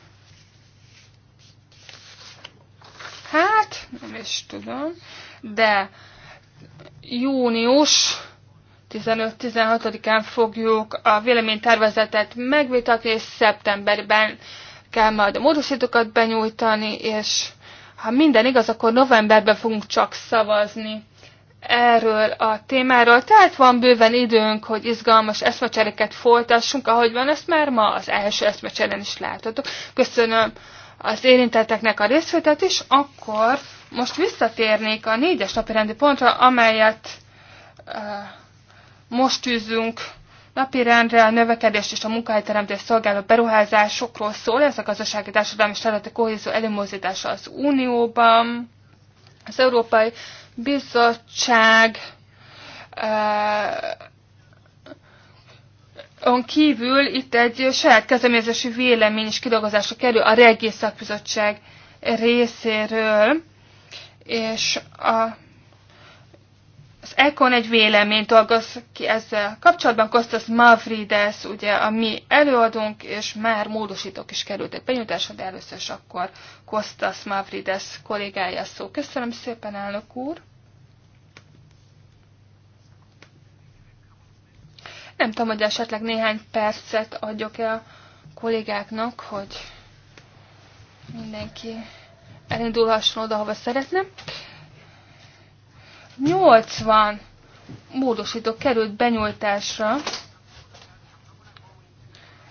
Hát, nem is tudom, de június 15-16-án fogjuk a véleménytervezetet megvitatni, és szeptemberben kell majd a módosítókat benyújtani, és ha minden igaz, akkor novemberben fogunk csak szavazni erről a témáról. Tehát van bőven időnk, hogy izgalmas eszmecsereket folytassunk, ahogy van, ezt már ma az első eszmecseren is láthatok. Köszönöm az érintetteknek a részvételt, és akkor most visszatérnék a négyes napi rendi pontra, amelyet uh, most tűzünk rendre, a növekedés és a munkahelyteremtés szolgáló beruházásokról szól, ez a gazdasági társadalmi területi kohézió előmozítása az Unióban. Az Európai Bizottság eh, on kívül itt egy saját kezdeményezési vélemény is kidolgozásra kerül a Regi Szakbizottság részéről, és a az ECON egy véleményt dolgoz ki ezzel kapcsolatban, Kostas Mavrides, ugye a mi előadónk, és már módosítók is kerültek benyújtásra, de először is akkor Kostas Mavrides kollégája szó. Köszönöm szépen, elnök úr! Nem tudom, hogy esetleg néhány percet adjak el a kollégáknak, hogy mindenki elindulhasson oda, hova szeretne. 80 módosító került benyújtásra,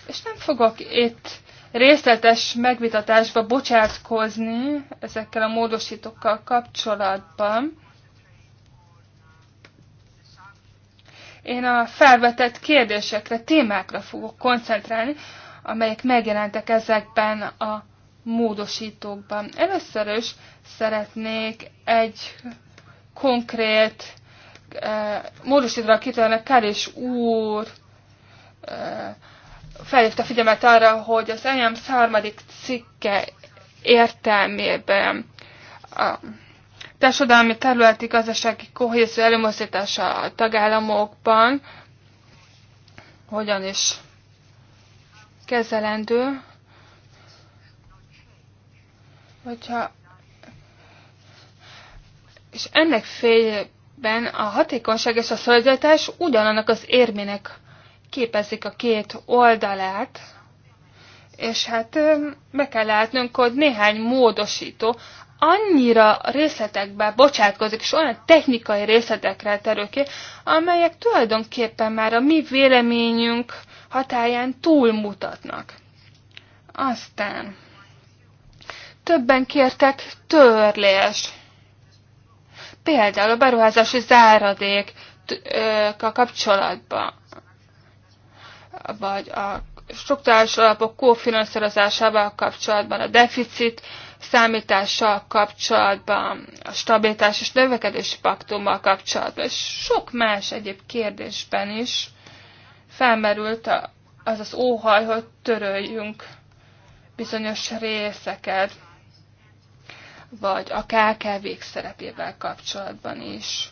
és nem fogok itt részletes megvitatásba bocsátkozni ezekkel a módosítókkal kapcsolatban. Én a felvetett kérdésekre, témákra fogok koncentrálni, amelyek megjelentek ezekben a módosítókban. Először is szeretnék egy konkrét eh, módosítva kitelenek Kárés úr eh, felhívta figyelmet arra, hogy az enyém harmadik cikke értelmében a társadalmi területi gazdasági kohézió előmozdítása a tagállamokban hogyan is kezelendő, hogyha és ennek fényben a hatékonyság és a szolidaritás ugyanannak az érmének képezik a két oldalát, és hát meg kell látnunk, hogy néhány módosító annyira részletekbe bocsátkozik, és olyan technikai részletekre terül ki, amelyek tulajdonképpen már a mi véleményünk hatáján túlmutatnak. Aztán többen kértek törlést, Például a beruházási záradék a kapcsolatban, vagy a struktúrális alapok kófinanszírozásával kapcsolatban, a deficit számítással kapcsolatban, a stabilitás és növekedési paktummal kapcsolatban, és sok más egyéb kérdésben is felmerült az az óhaj, hogy töröljünk bizonyos részeket vagy a kkv szerepével kapcsolatban is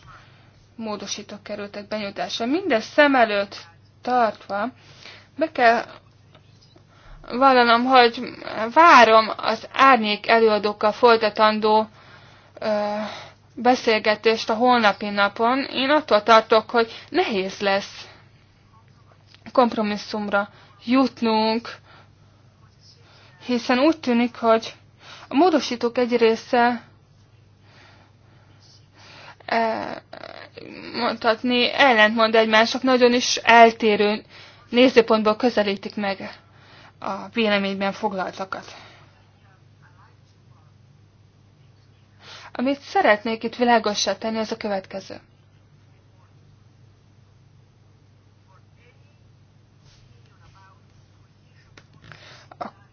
módosítók kerültek benyújtásra. Mindez szem előtt tartva be kell vallanom, hogy várom az árnyék előadókkal folytatandó ö, beszélgetést a holnapi napon. Én attól tartok, hogy nehéz lesz kompromisszumra jutnunk, hiszen úgy tűnik, hogy a módosítók egy része e, mondhatni ellentmond egymások, nagyon is eltérő nézőpontból közelítik meg a véleményben foglaltakat. Amit szeretnék itt világossá tenni, az a következő.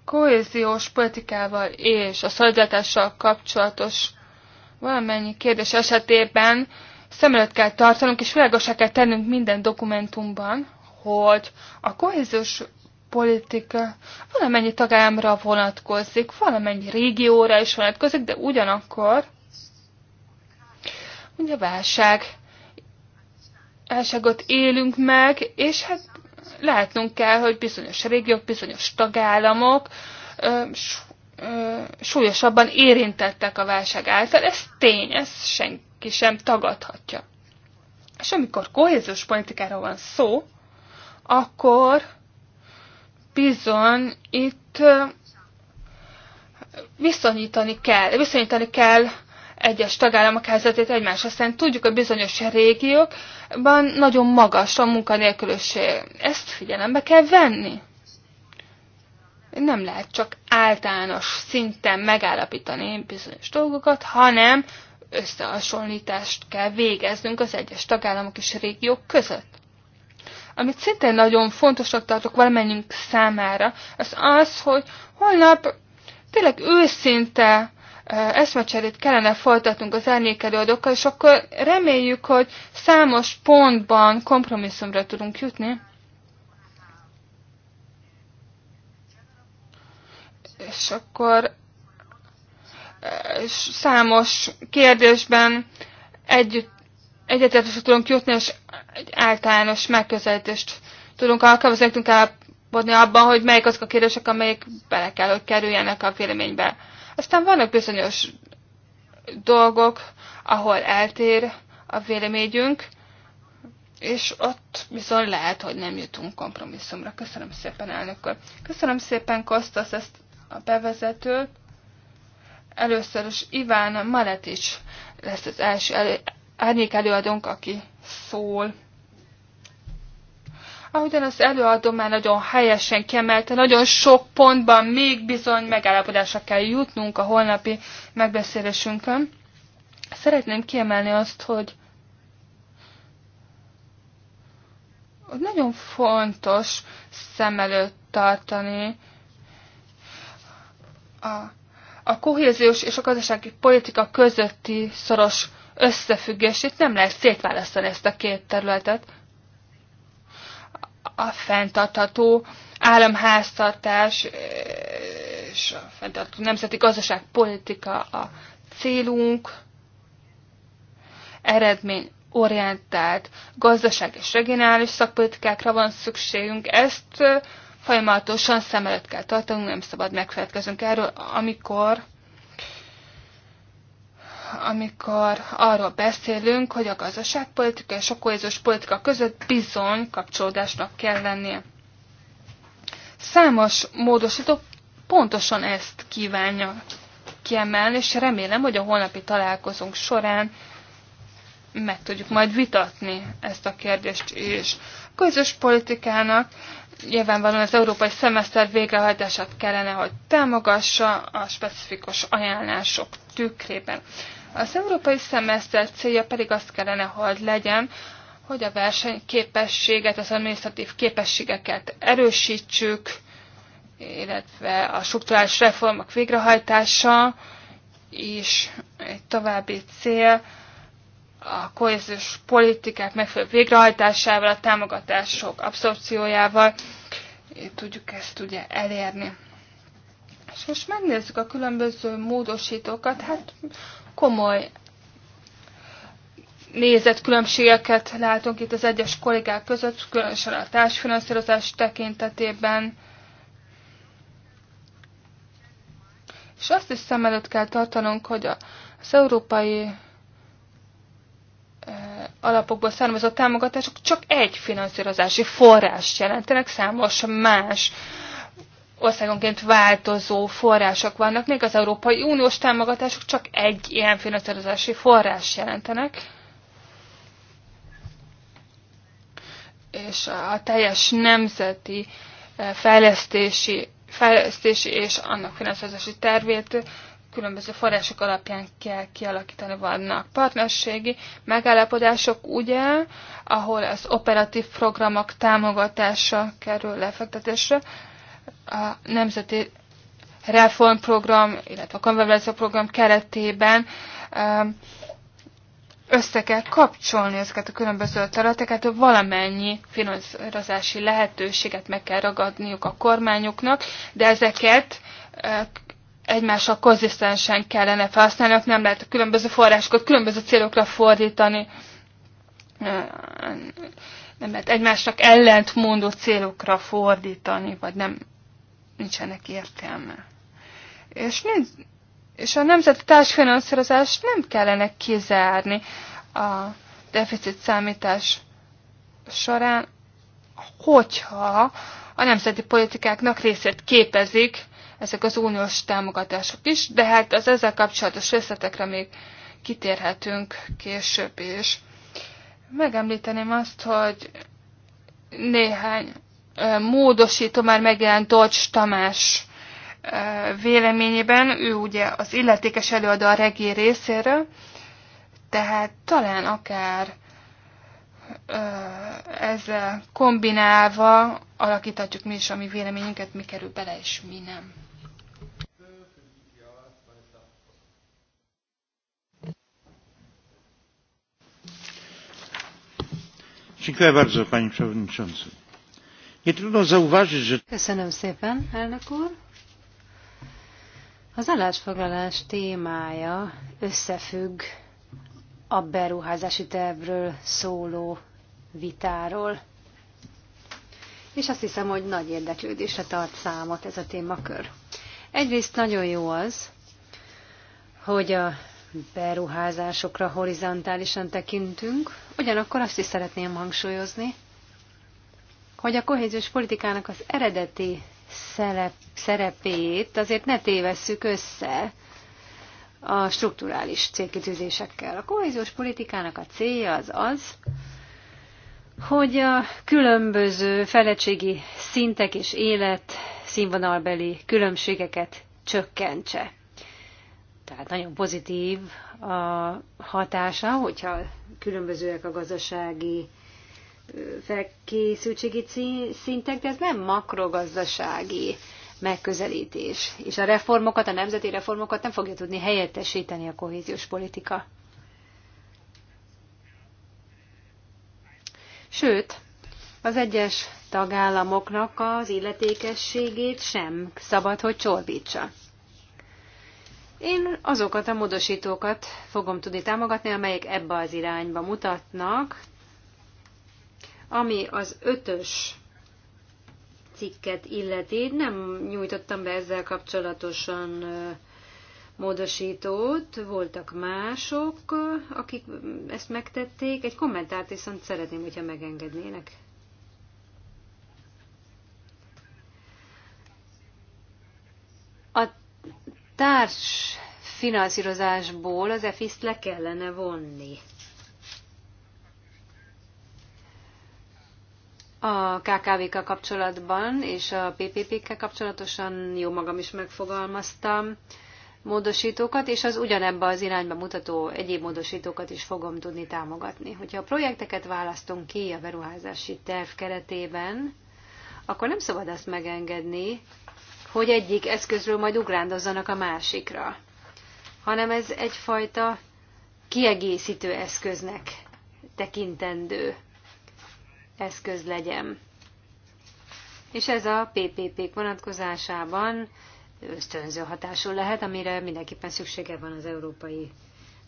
kohéziós politikával és a szolidaritással kapcsolatos valamennyi kérdés esetében szem előtt kell tartanunk, és világosá kell tennünk minden dokumentumban, hogy a kohéziós politika valamennyi tagállamra vonatkozik, valamennyi régióra is vonatkozik, de ugyanakkor ugye válság, válságot élünk meg, és hát látnunk kell, hogy bizonyos régiók, bizonyos tagállamok súlyosabban érintettek a válság által. Ez tény, ez senki sem tagadhatja. És amikor kohéziós politikáról van szó, akkor bizony itt viszonyítani kell, viszonyítani kell egyes tagállamok helyzetét egymás. Aztán tudjuk, a bizonyos régiókban nagyon magas a munkanélküliség. Ezt figyelembe kell venni. Nem lehet csak általános szinten megállapítani bizonyos dolgokat, hanem összehasonlítást kell végeznünk az egyes tagállamok és régiók között. Amit szintén nagyon fontosnak tartok valamennyünk számára, az az, hogy holnap tényleg őszinte eszmecserét kellene folytatnunk az árnyékelőadókkal, és akkor reméljük, hogy számos pontban kompromisszumra tudunk jutni. És akkor és számos kérdésben együtt egyetértésre tudunk jutni, és egy általános megközelítést tudunk alkalmazni, tudunk abban, hogy melyik azok a kérdések, amelyek bele kell, hogy kerüljenek a véleménybe aztán vannak bizonyos dolgok, ahol eltér a véleményünk, és ott viszont lehet, hogy nem jutunk kompromisszumra. Köszönöm szépen, elnök úr. Köszönöm szépen, Kostas, ezt a bevezetőt. Először is Iván Maletics lesz az első elő, árnyék előadónk, aki szól. Ahogyan az előadó már nagyon helyesen kiemelte, nagyon sok pontban még bizony megállapodásra kell jutnunk a holnapi megbeszélésünkön. Szeretném kiemelni azt, hogy nagyon fontos szem előtt tartani a, a kohéziós és a gazdasági politika közötti szoros összefüggését. Nem lehet szétválasztani ezt a két területet a fenntartható államháztartás és a fenntartható nemzeti gazdaságpolitika a célunk, eredmény orientált gazdaság és regionális szakpolitikákra van szükségünk. Ezt folyamatosan szem előtt kell tartanunk, nem szabad megfelelkezünk erről, amikor amikor arról beszélünk, hogy a gazdaságpolitika és a kohéziós politika között bizony kapcsolódásnak kell lennie. Számos módosító pontosan ezt kívánja kiemelni, és remélem, hogy a holnapi találkozónk során meg tudjuk majd vitatni ezt a kérdést is. A közös politikának nyilvánvalóan az európai szemeszter végrehajtását kellene, hogy támogassa a specifikus ajánlások tükrében. Az európai szemeszter célja pedig azt kellene, hogy legyen, hogy a versenyképességet, az administratív képességeket erősítsük, illetve a strukturális reformok végrehajtása is egy további cél, a kohéziós politikák megfelelő végrehajtásával, a támogatások abszorpciójával tudjuk ezt ugye elérni. És most megnézzük a különböző módosítókat, hát komoly nézetkülönbségeket látunk itt az egyes kollégák között, különösen a társfinanszírozás tekintetében. És azt is szem előtt kell tartanunk, hogy az európai eh, alapokból származó támogatások csak egy finanszírozási forrást jelentenek, számos más országonként változó források vannak, még az Európai Uniós támogatások csak egy ilyen finanszírozási forrás jelentenek. És a teljes nemzeti eh, fejlesztési, fejlesztési és annak finanszírozási tervét különböző források alapján kell kialakítani. Vannak partnerségi megállapodások, ugye, ahol az operatív programok támogatása kerül lefektetésre, a Nemzeti Reformprogram, illetve a konvergencia program keretében um, össze kell kapcsolni ezeket a különböző területeket, hogy valamennyi finanszírozási lehetőséget meg kell ragadniuk a kormányoknak, de ezeket uh, egymással konzisztensen kellene felhasználni, nem lehet a különböző forrásokat különböző célokra fordítani, uh, nem lehet egymásnak ellentmondó célokra fordítani, vagy nem nincsenek értelme. És, nincs, és a nemzeti társfinanszírozást nem kellene kizárni a deficit számítás során, hogyha a nemzeti politikáknak részét képezik ezek az uniós támogatások is, de hát az ezzel kapcsolatos részletekre még kitérhetünk később is. Megemlíteném azt, hogy néhány módosító már megjelent Dolcs Tamás véleményében, ő ugye az illetékes előadó a regé részéről, tehát talán akár ezzel kombinálva alakíthatjuk mi is a mi véleményünket, mi kerül bele és mi nem. Dziękuję bardzo, Pani Przewodnicząca. Nie trudno zauważyć, że... Köszönöm szépen, elnök úr. Az állásfoglalás témája összefügg a beruházási tervről szóló vitáról. És azt hiszem, hogy nagy érdeklődésre tart számot ez a témakör. Egyrészt nagyon jó az, hogy a beruházásokra horizontálisan tekintünk, ugyanakkor azt is szeretném hangsúlyozni, hogy a kohéziós politikának az eredeti szerepét azért ne tévesszük össze a strukturális célkitűzésekkel. A kohéziós politikának a célja az az, hogy a különböző felettségi szintek és élet színvonalbeli különbségeket csökkentse. Tehát nagyon pozitív a hatása, hogyha különbözőek a gazdasági felkészültségi szintek, de ez nem makrogazdasági megközelítés. És a reformokat, a nemzeti reformokat nem fogja tudni helyettesíteni a kohéziós politika. Sőt, az egyes tagállamoknak az illetékességét sem szabad, hogy csorbítsa. Én azokat a módosítókat fogom tudni támogatni, amelyek ebbe az irányba mutatnak, ami az ötös cikket illeti, nem nyújtottam be ezzel kapcsolatosan módosítót, voltak mások, akik ezt megtették. Egy kommentárt viszont szeretném, hogyha megengednének. A társ finanszírozásból az EFIS-t le kellene vonni. a KKV-kkal kapcsolatban és a PPP-kkel kapcsolatosan jó magam is megfogalmaztam módosítókat, és az ugyanebbe az irányba mutató egyéb módosítókat is fogom tudni támogatni. Hogyha a projekteket választunk ki a beruházási terv keretében, akkor nem szabad azt megengedni, hogy egyik eszközről majd ugrándozzanak a másikra, hanem ez egyfajta kiegészítő eszköznek tekintendő eszköz legyen. És ez a PPP-k vonatkozásában ösztönző hatású lehet, amire mindenképpen szüksége van az európai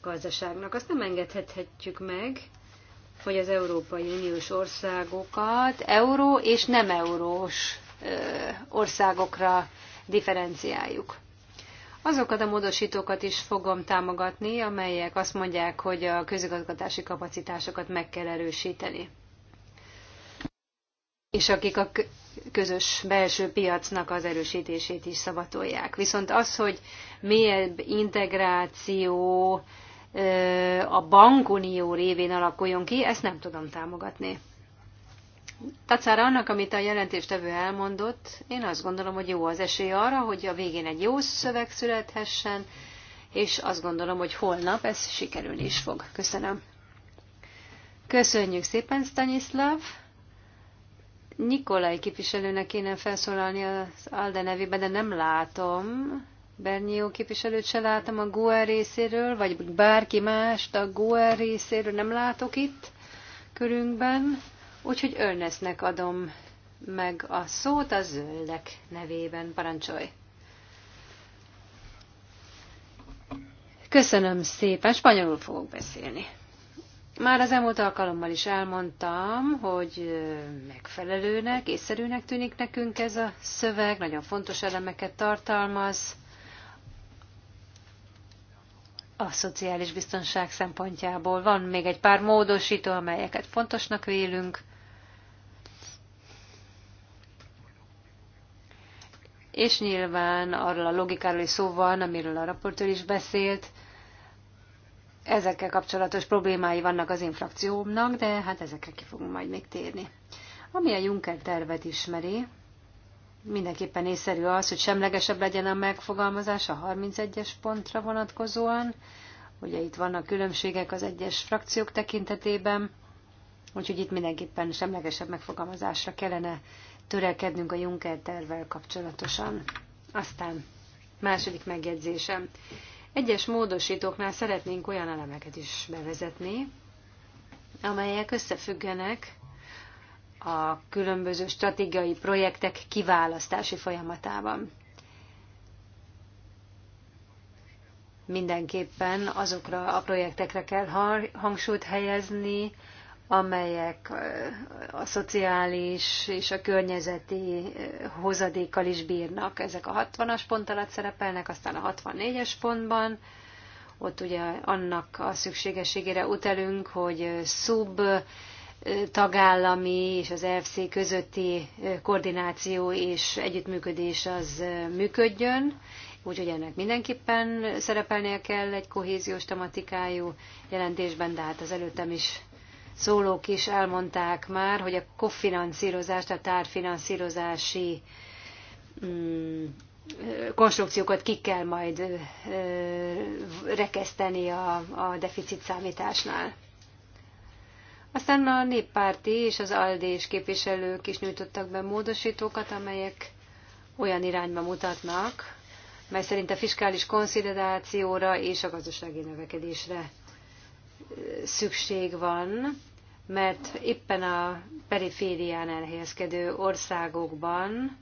gazdaságnak. Azt nem engedhetjük meg, hogy az Európai Uniós országokat euró és nem eurós országokra differenciáljuk. Azokat a módosítókat is fogom támogatni, amelyek azt mondják, hogy a közigazgatási kapacitásokat meg kell erősíteni és akik a közös belső piacnak az erősítését is szavatolják. Viszont az, hogy mélyebb integráció a bankunió révén alakuljon ki, ezt nem tudom támogatni. Tacára annak, amit a jelentéstevő elmondott, én azt gondolom, hogy jó az esély arra, hogy a végén egy jó szöveg születhessen, és azt gondolom, hogy holnap ez sikerülni is fog. Köszönöm. Köszönjük szépen, Stanislav! Nikolaj képviselőnek kéne felszólalni az Alde nevében, de nem látom. Bernió képviselőt se látom a GUE részéről, vagy bárki más a GUE részéről nem látok itt körünkben. Úgyhogy Örnesznek adom meg a szót a zöldek nevében. Parancsolj! Köszönöm szépen, spanyolul fogok beszélni. Már az elmúlt alkalommal is elmondtam, hogy megfelelőnek, észszerűnek tűnik nekünk ez a szöveg, nagyon fontos elemeket tartalmaz a szociális biztonság szempontjából. Van még egy pár módosító, amelyeket fontosnak vélünk. És nyilván arról a logikáról is szó van, amiről a raportőr is beszélt, ezekkel kapcsolatos problémái vannak az infrakciómnak, de hát ezekre ki fogunk majd még térni. Ami a Juncker tervet ismeri, mindenképpen észszerű az, hogy semlegesebb legyen a megfogalmazás a 31-es pontra vonatkozóan. Ugye itt vannak különbségek az egyes frakciók tekintetében, úgyhogy itt mindenképpen semlegesebb megfogalmazásra kellene törekednünk a Juncker tervvel kapcsolatosan. Aztán második megjegyzésem. Egyes módosítóknál szeretnénk olyan elemeket is bevezetni, amelyek összefüggenek a különböző stratégiai projektek kiválasztási folyamatában. Mindenképpen azokra a projektekre kell hangsúlyt helyezni, amelyek a szociális és a környezeti hozadékkal is bírnak. Ezek a 60-as pont alatt szerepelnek, aztán a 64-es pontban, ott ugye annak a szükségességére utalunk, hogy szub tagállami és az EFC közötti koordináció és együttműködés az működjön, úgyhogy ennek mindenképpen szerepelnie kell egy kohéziós tematikájú jelentésben, de hát az előttem is szólók is elmondták már, hogy a kofinanszírozást, a tárfinanszírozási mm, konstrukciókat ki kell majd ö, rekeszteni a, a deficit számításnál. Aztán a néppárti és az aldés képviselők is nyújtottak be módosítókat, amelyek olyan irányba mutatnak, mely szerint a fiskális konszolidációra és a gazdasági növekedésre szükség van, mert éppen a periférián elhelyezkedő országokban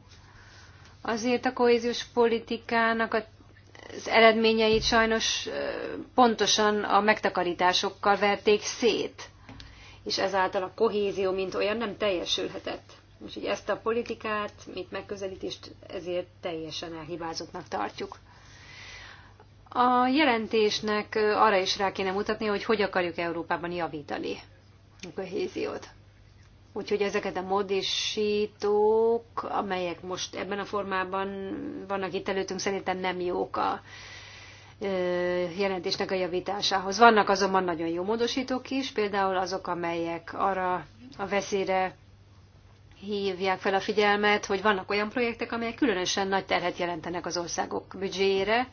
azért a kohéziós politikának az eredményeit sajnos pontosan a megtakarításokkal verték szét, és ezáltal a kohézió, mint olyan, nem teljesülhetett. Úgyhogy ezt a politikát, mint megközelítést ezért teljesen elhibázottnak tartjuk. A jelentésnek arra is rá kéne mutatni, hogy hogy akarjuk Európában javítani a kohéziót. Úgyhogy ezeket a modisítók, amelyek most ebben a formában vannak itt előttünk, szerintem nem jók a jelentésnek a javításához. Vannak azonban nagyon jó módosítók is, például azok, amelyek arra a veszélyre hívják fel a figyelmet, hogy vannak olyan projektek, amelyek különösen nagy terhet jelentenek az országok büdzséjére,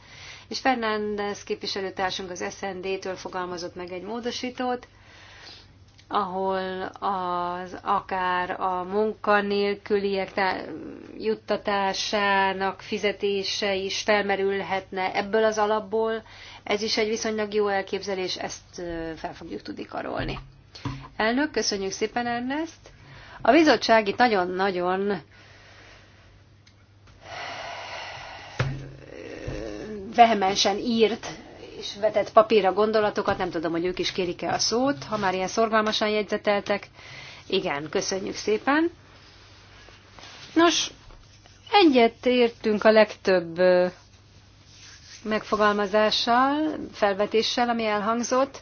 és Fernández képviselőtársunk az SND-től fogalmazott meg egy módosítót, ahol az akár a munkanélküliek juttatásának fizetése is felmerülhetne ebből az alapból. Ez is egy viszonylag jó elképzelés, ezt fel fogjuk tudni karolni. Elnök, köszönjük szépen, Ernest! A bizottság itt nagyon-nagyon vehemensen írt és vetett papírra gondolatokat, nem tudom, hogy ők is kérik-e a szót, ha már ilyen szorgalmasan jegyzeteltek. Igen, köszönjük szépen. Nos, egyet értünk a legtöbb megfogalmazással, felvetéssel, ami elhangzott,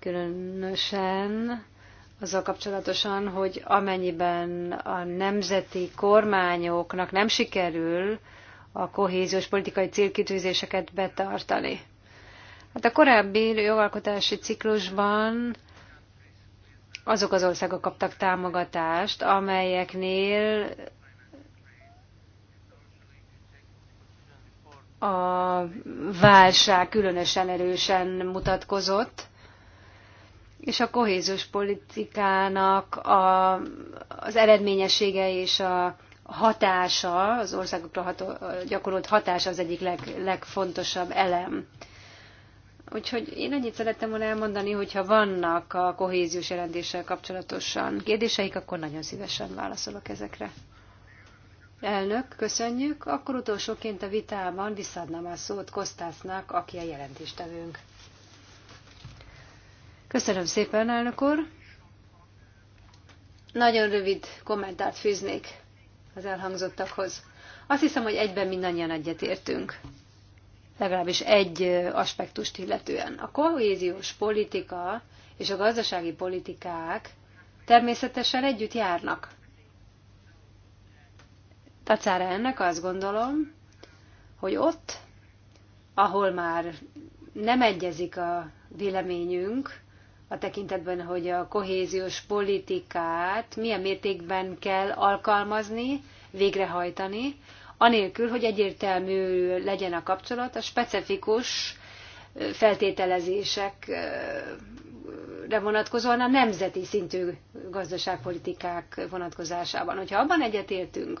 különösen azzal kapcsolatosan, hogy amennyiben a nemzeti kormányoknak nem sikerül a kohéziós politikai célkitűzéseket betartani. Hát a korábbi jogalkotási ciklusban azok az országok kaptak támogatást, amelyeknél a válság különösen erősen mutatkozott, és a kohéziós politikának a, az eredményessége és a hatása, az országokra ható, gyakorolt hatása az egyik leg, legfontosabb elem. Úgyhogy én ennyit szerettem volna elmondani, hogyha vannak a kohéziós jelentéssel kapcsolatosan kérdéseik, akkor nagyon szívesen válaszolok ezekre. Elnök, köszönjük. Akkor utolsóként a vitában visszaadnám a szót Kosztásznak, aki a jelentéstevőnk. Köszönöm szépen, elnök úr. Nagyon rövid kommentárt fűznék az elhangzottakhoz. Azt hiszem, hogy egyben mindannyian egyetértünk, legalábbis egy aspektust illetően. A kohéziós politika és a gazdasági politikák természetesen együtt járnak. Tacára ennek azt gondolom, hogy ott, ahol már nem egyezik a véleményünk a tekintetben, hogy a kohéziós politikát milyen mértékben kell alkalmazni, végrehajtani, anélkül, hogy egyértelmű legyen a kapcsolat a specifikus feltételezésekre vonatkozóan a nemzeti szintű gazdaságpolitikák vonatkozásában. Hogyha abban egyetértünk,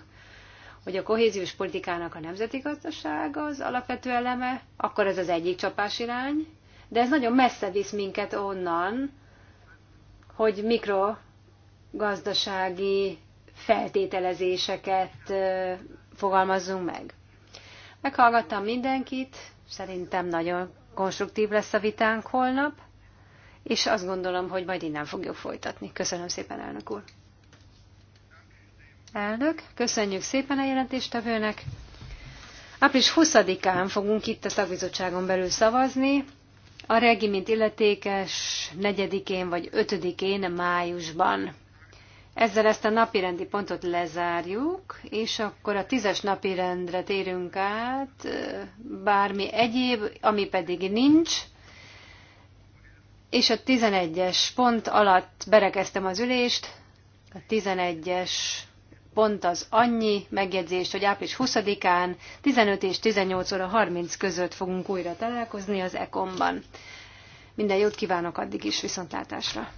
hogy a kohéziós politikának a nemzeti gazdaság az alapvető eleme, akkor ez az egyik csapásirány, de ez nagyon messze visz minket onnan, hogy mikrogazdasági feltételezéseket fogalmazzunk meg. Meghallgattam mindenkit, szerintem nagyon konstruktív lesz a vitánk holnap, és azt gondolom, hogy majd innen fogjuk folytatni. Köszönöm szépen, elnök úr! Elnök, köszönjük szépen a jelentéstevőnek! Április 20-án fogunk itt a szakbizottságon belül szavazni, a mint illetékes negyedikén vagy ötödikén májusban. Ezzel ezt a napirendi pontot lezárjuk, és akkor a tízes napirendre térünk át, bármi egyéb, ami pedig nincs, és a 11-es pont alatt berekeztem az ülést, a 11-es pont az annyi megjegyzést, hogy április 20-án 15 és 18 óra 30 között fogunk újra találkozni az ECOM-ban. Minden jót kívánok addig is, viszontlátásra!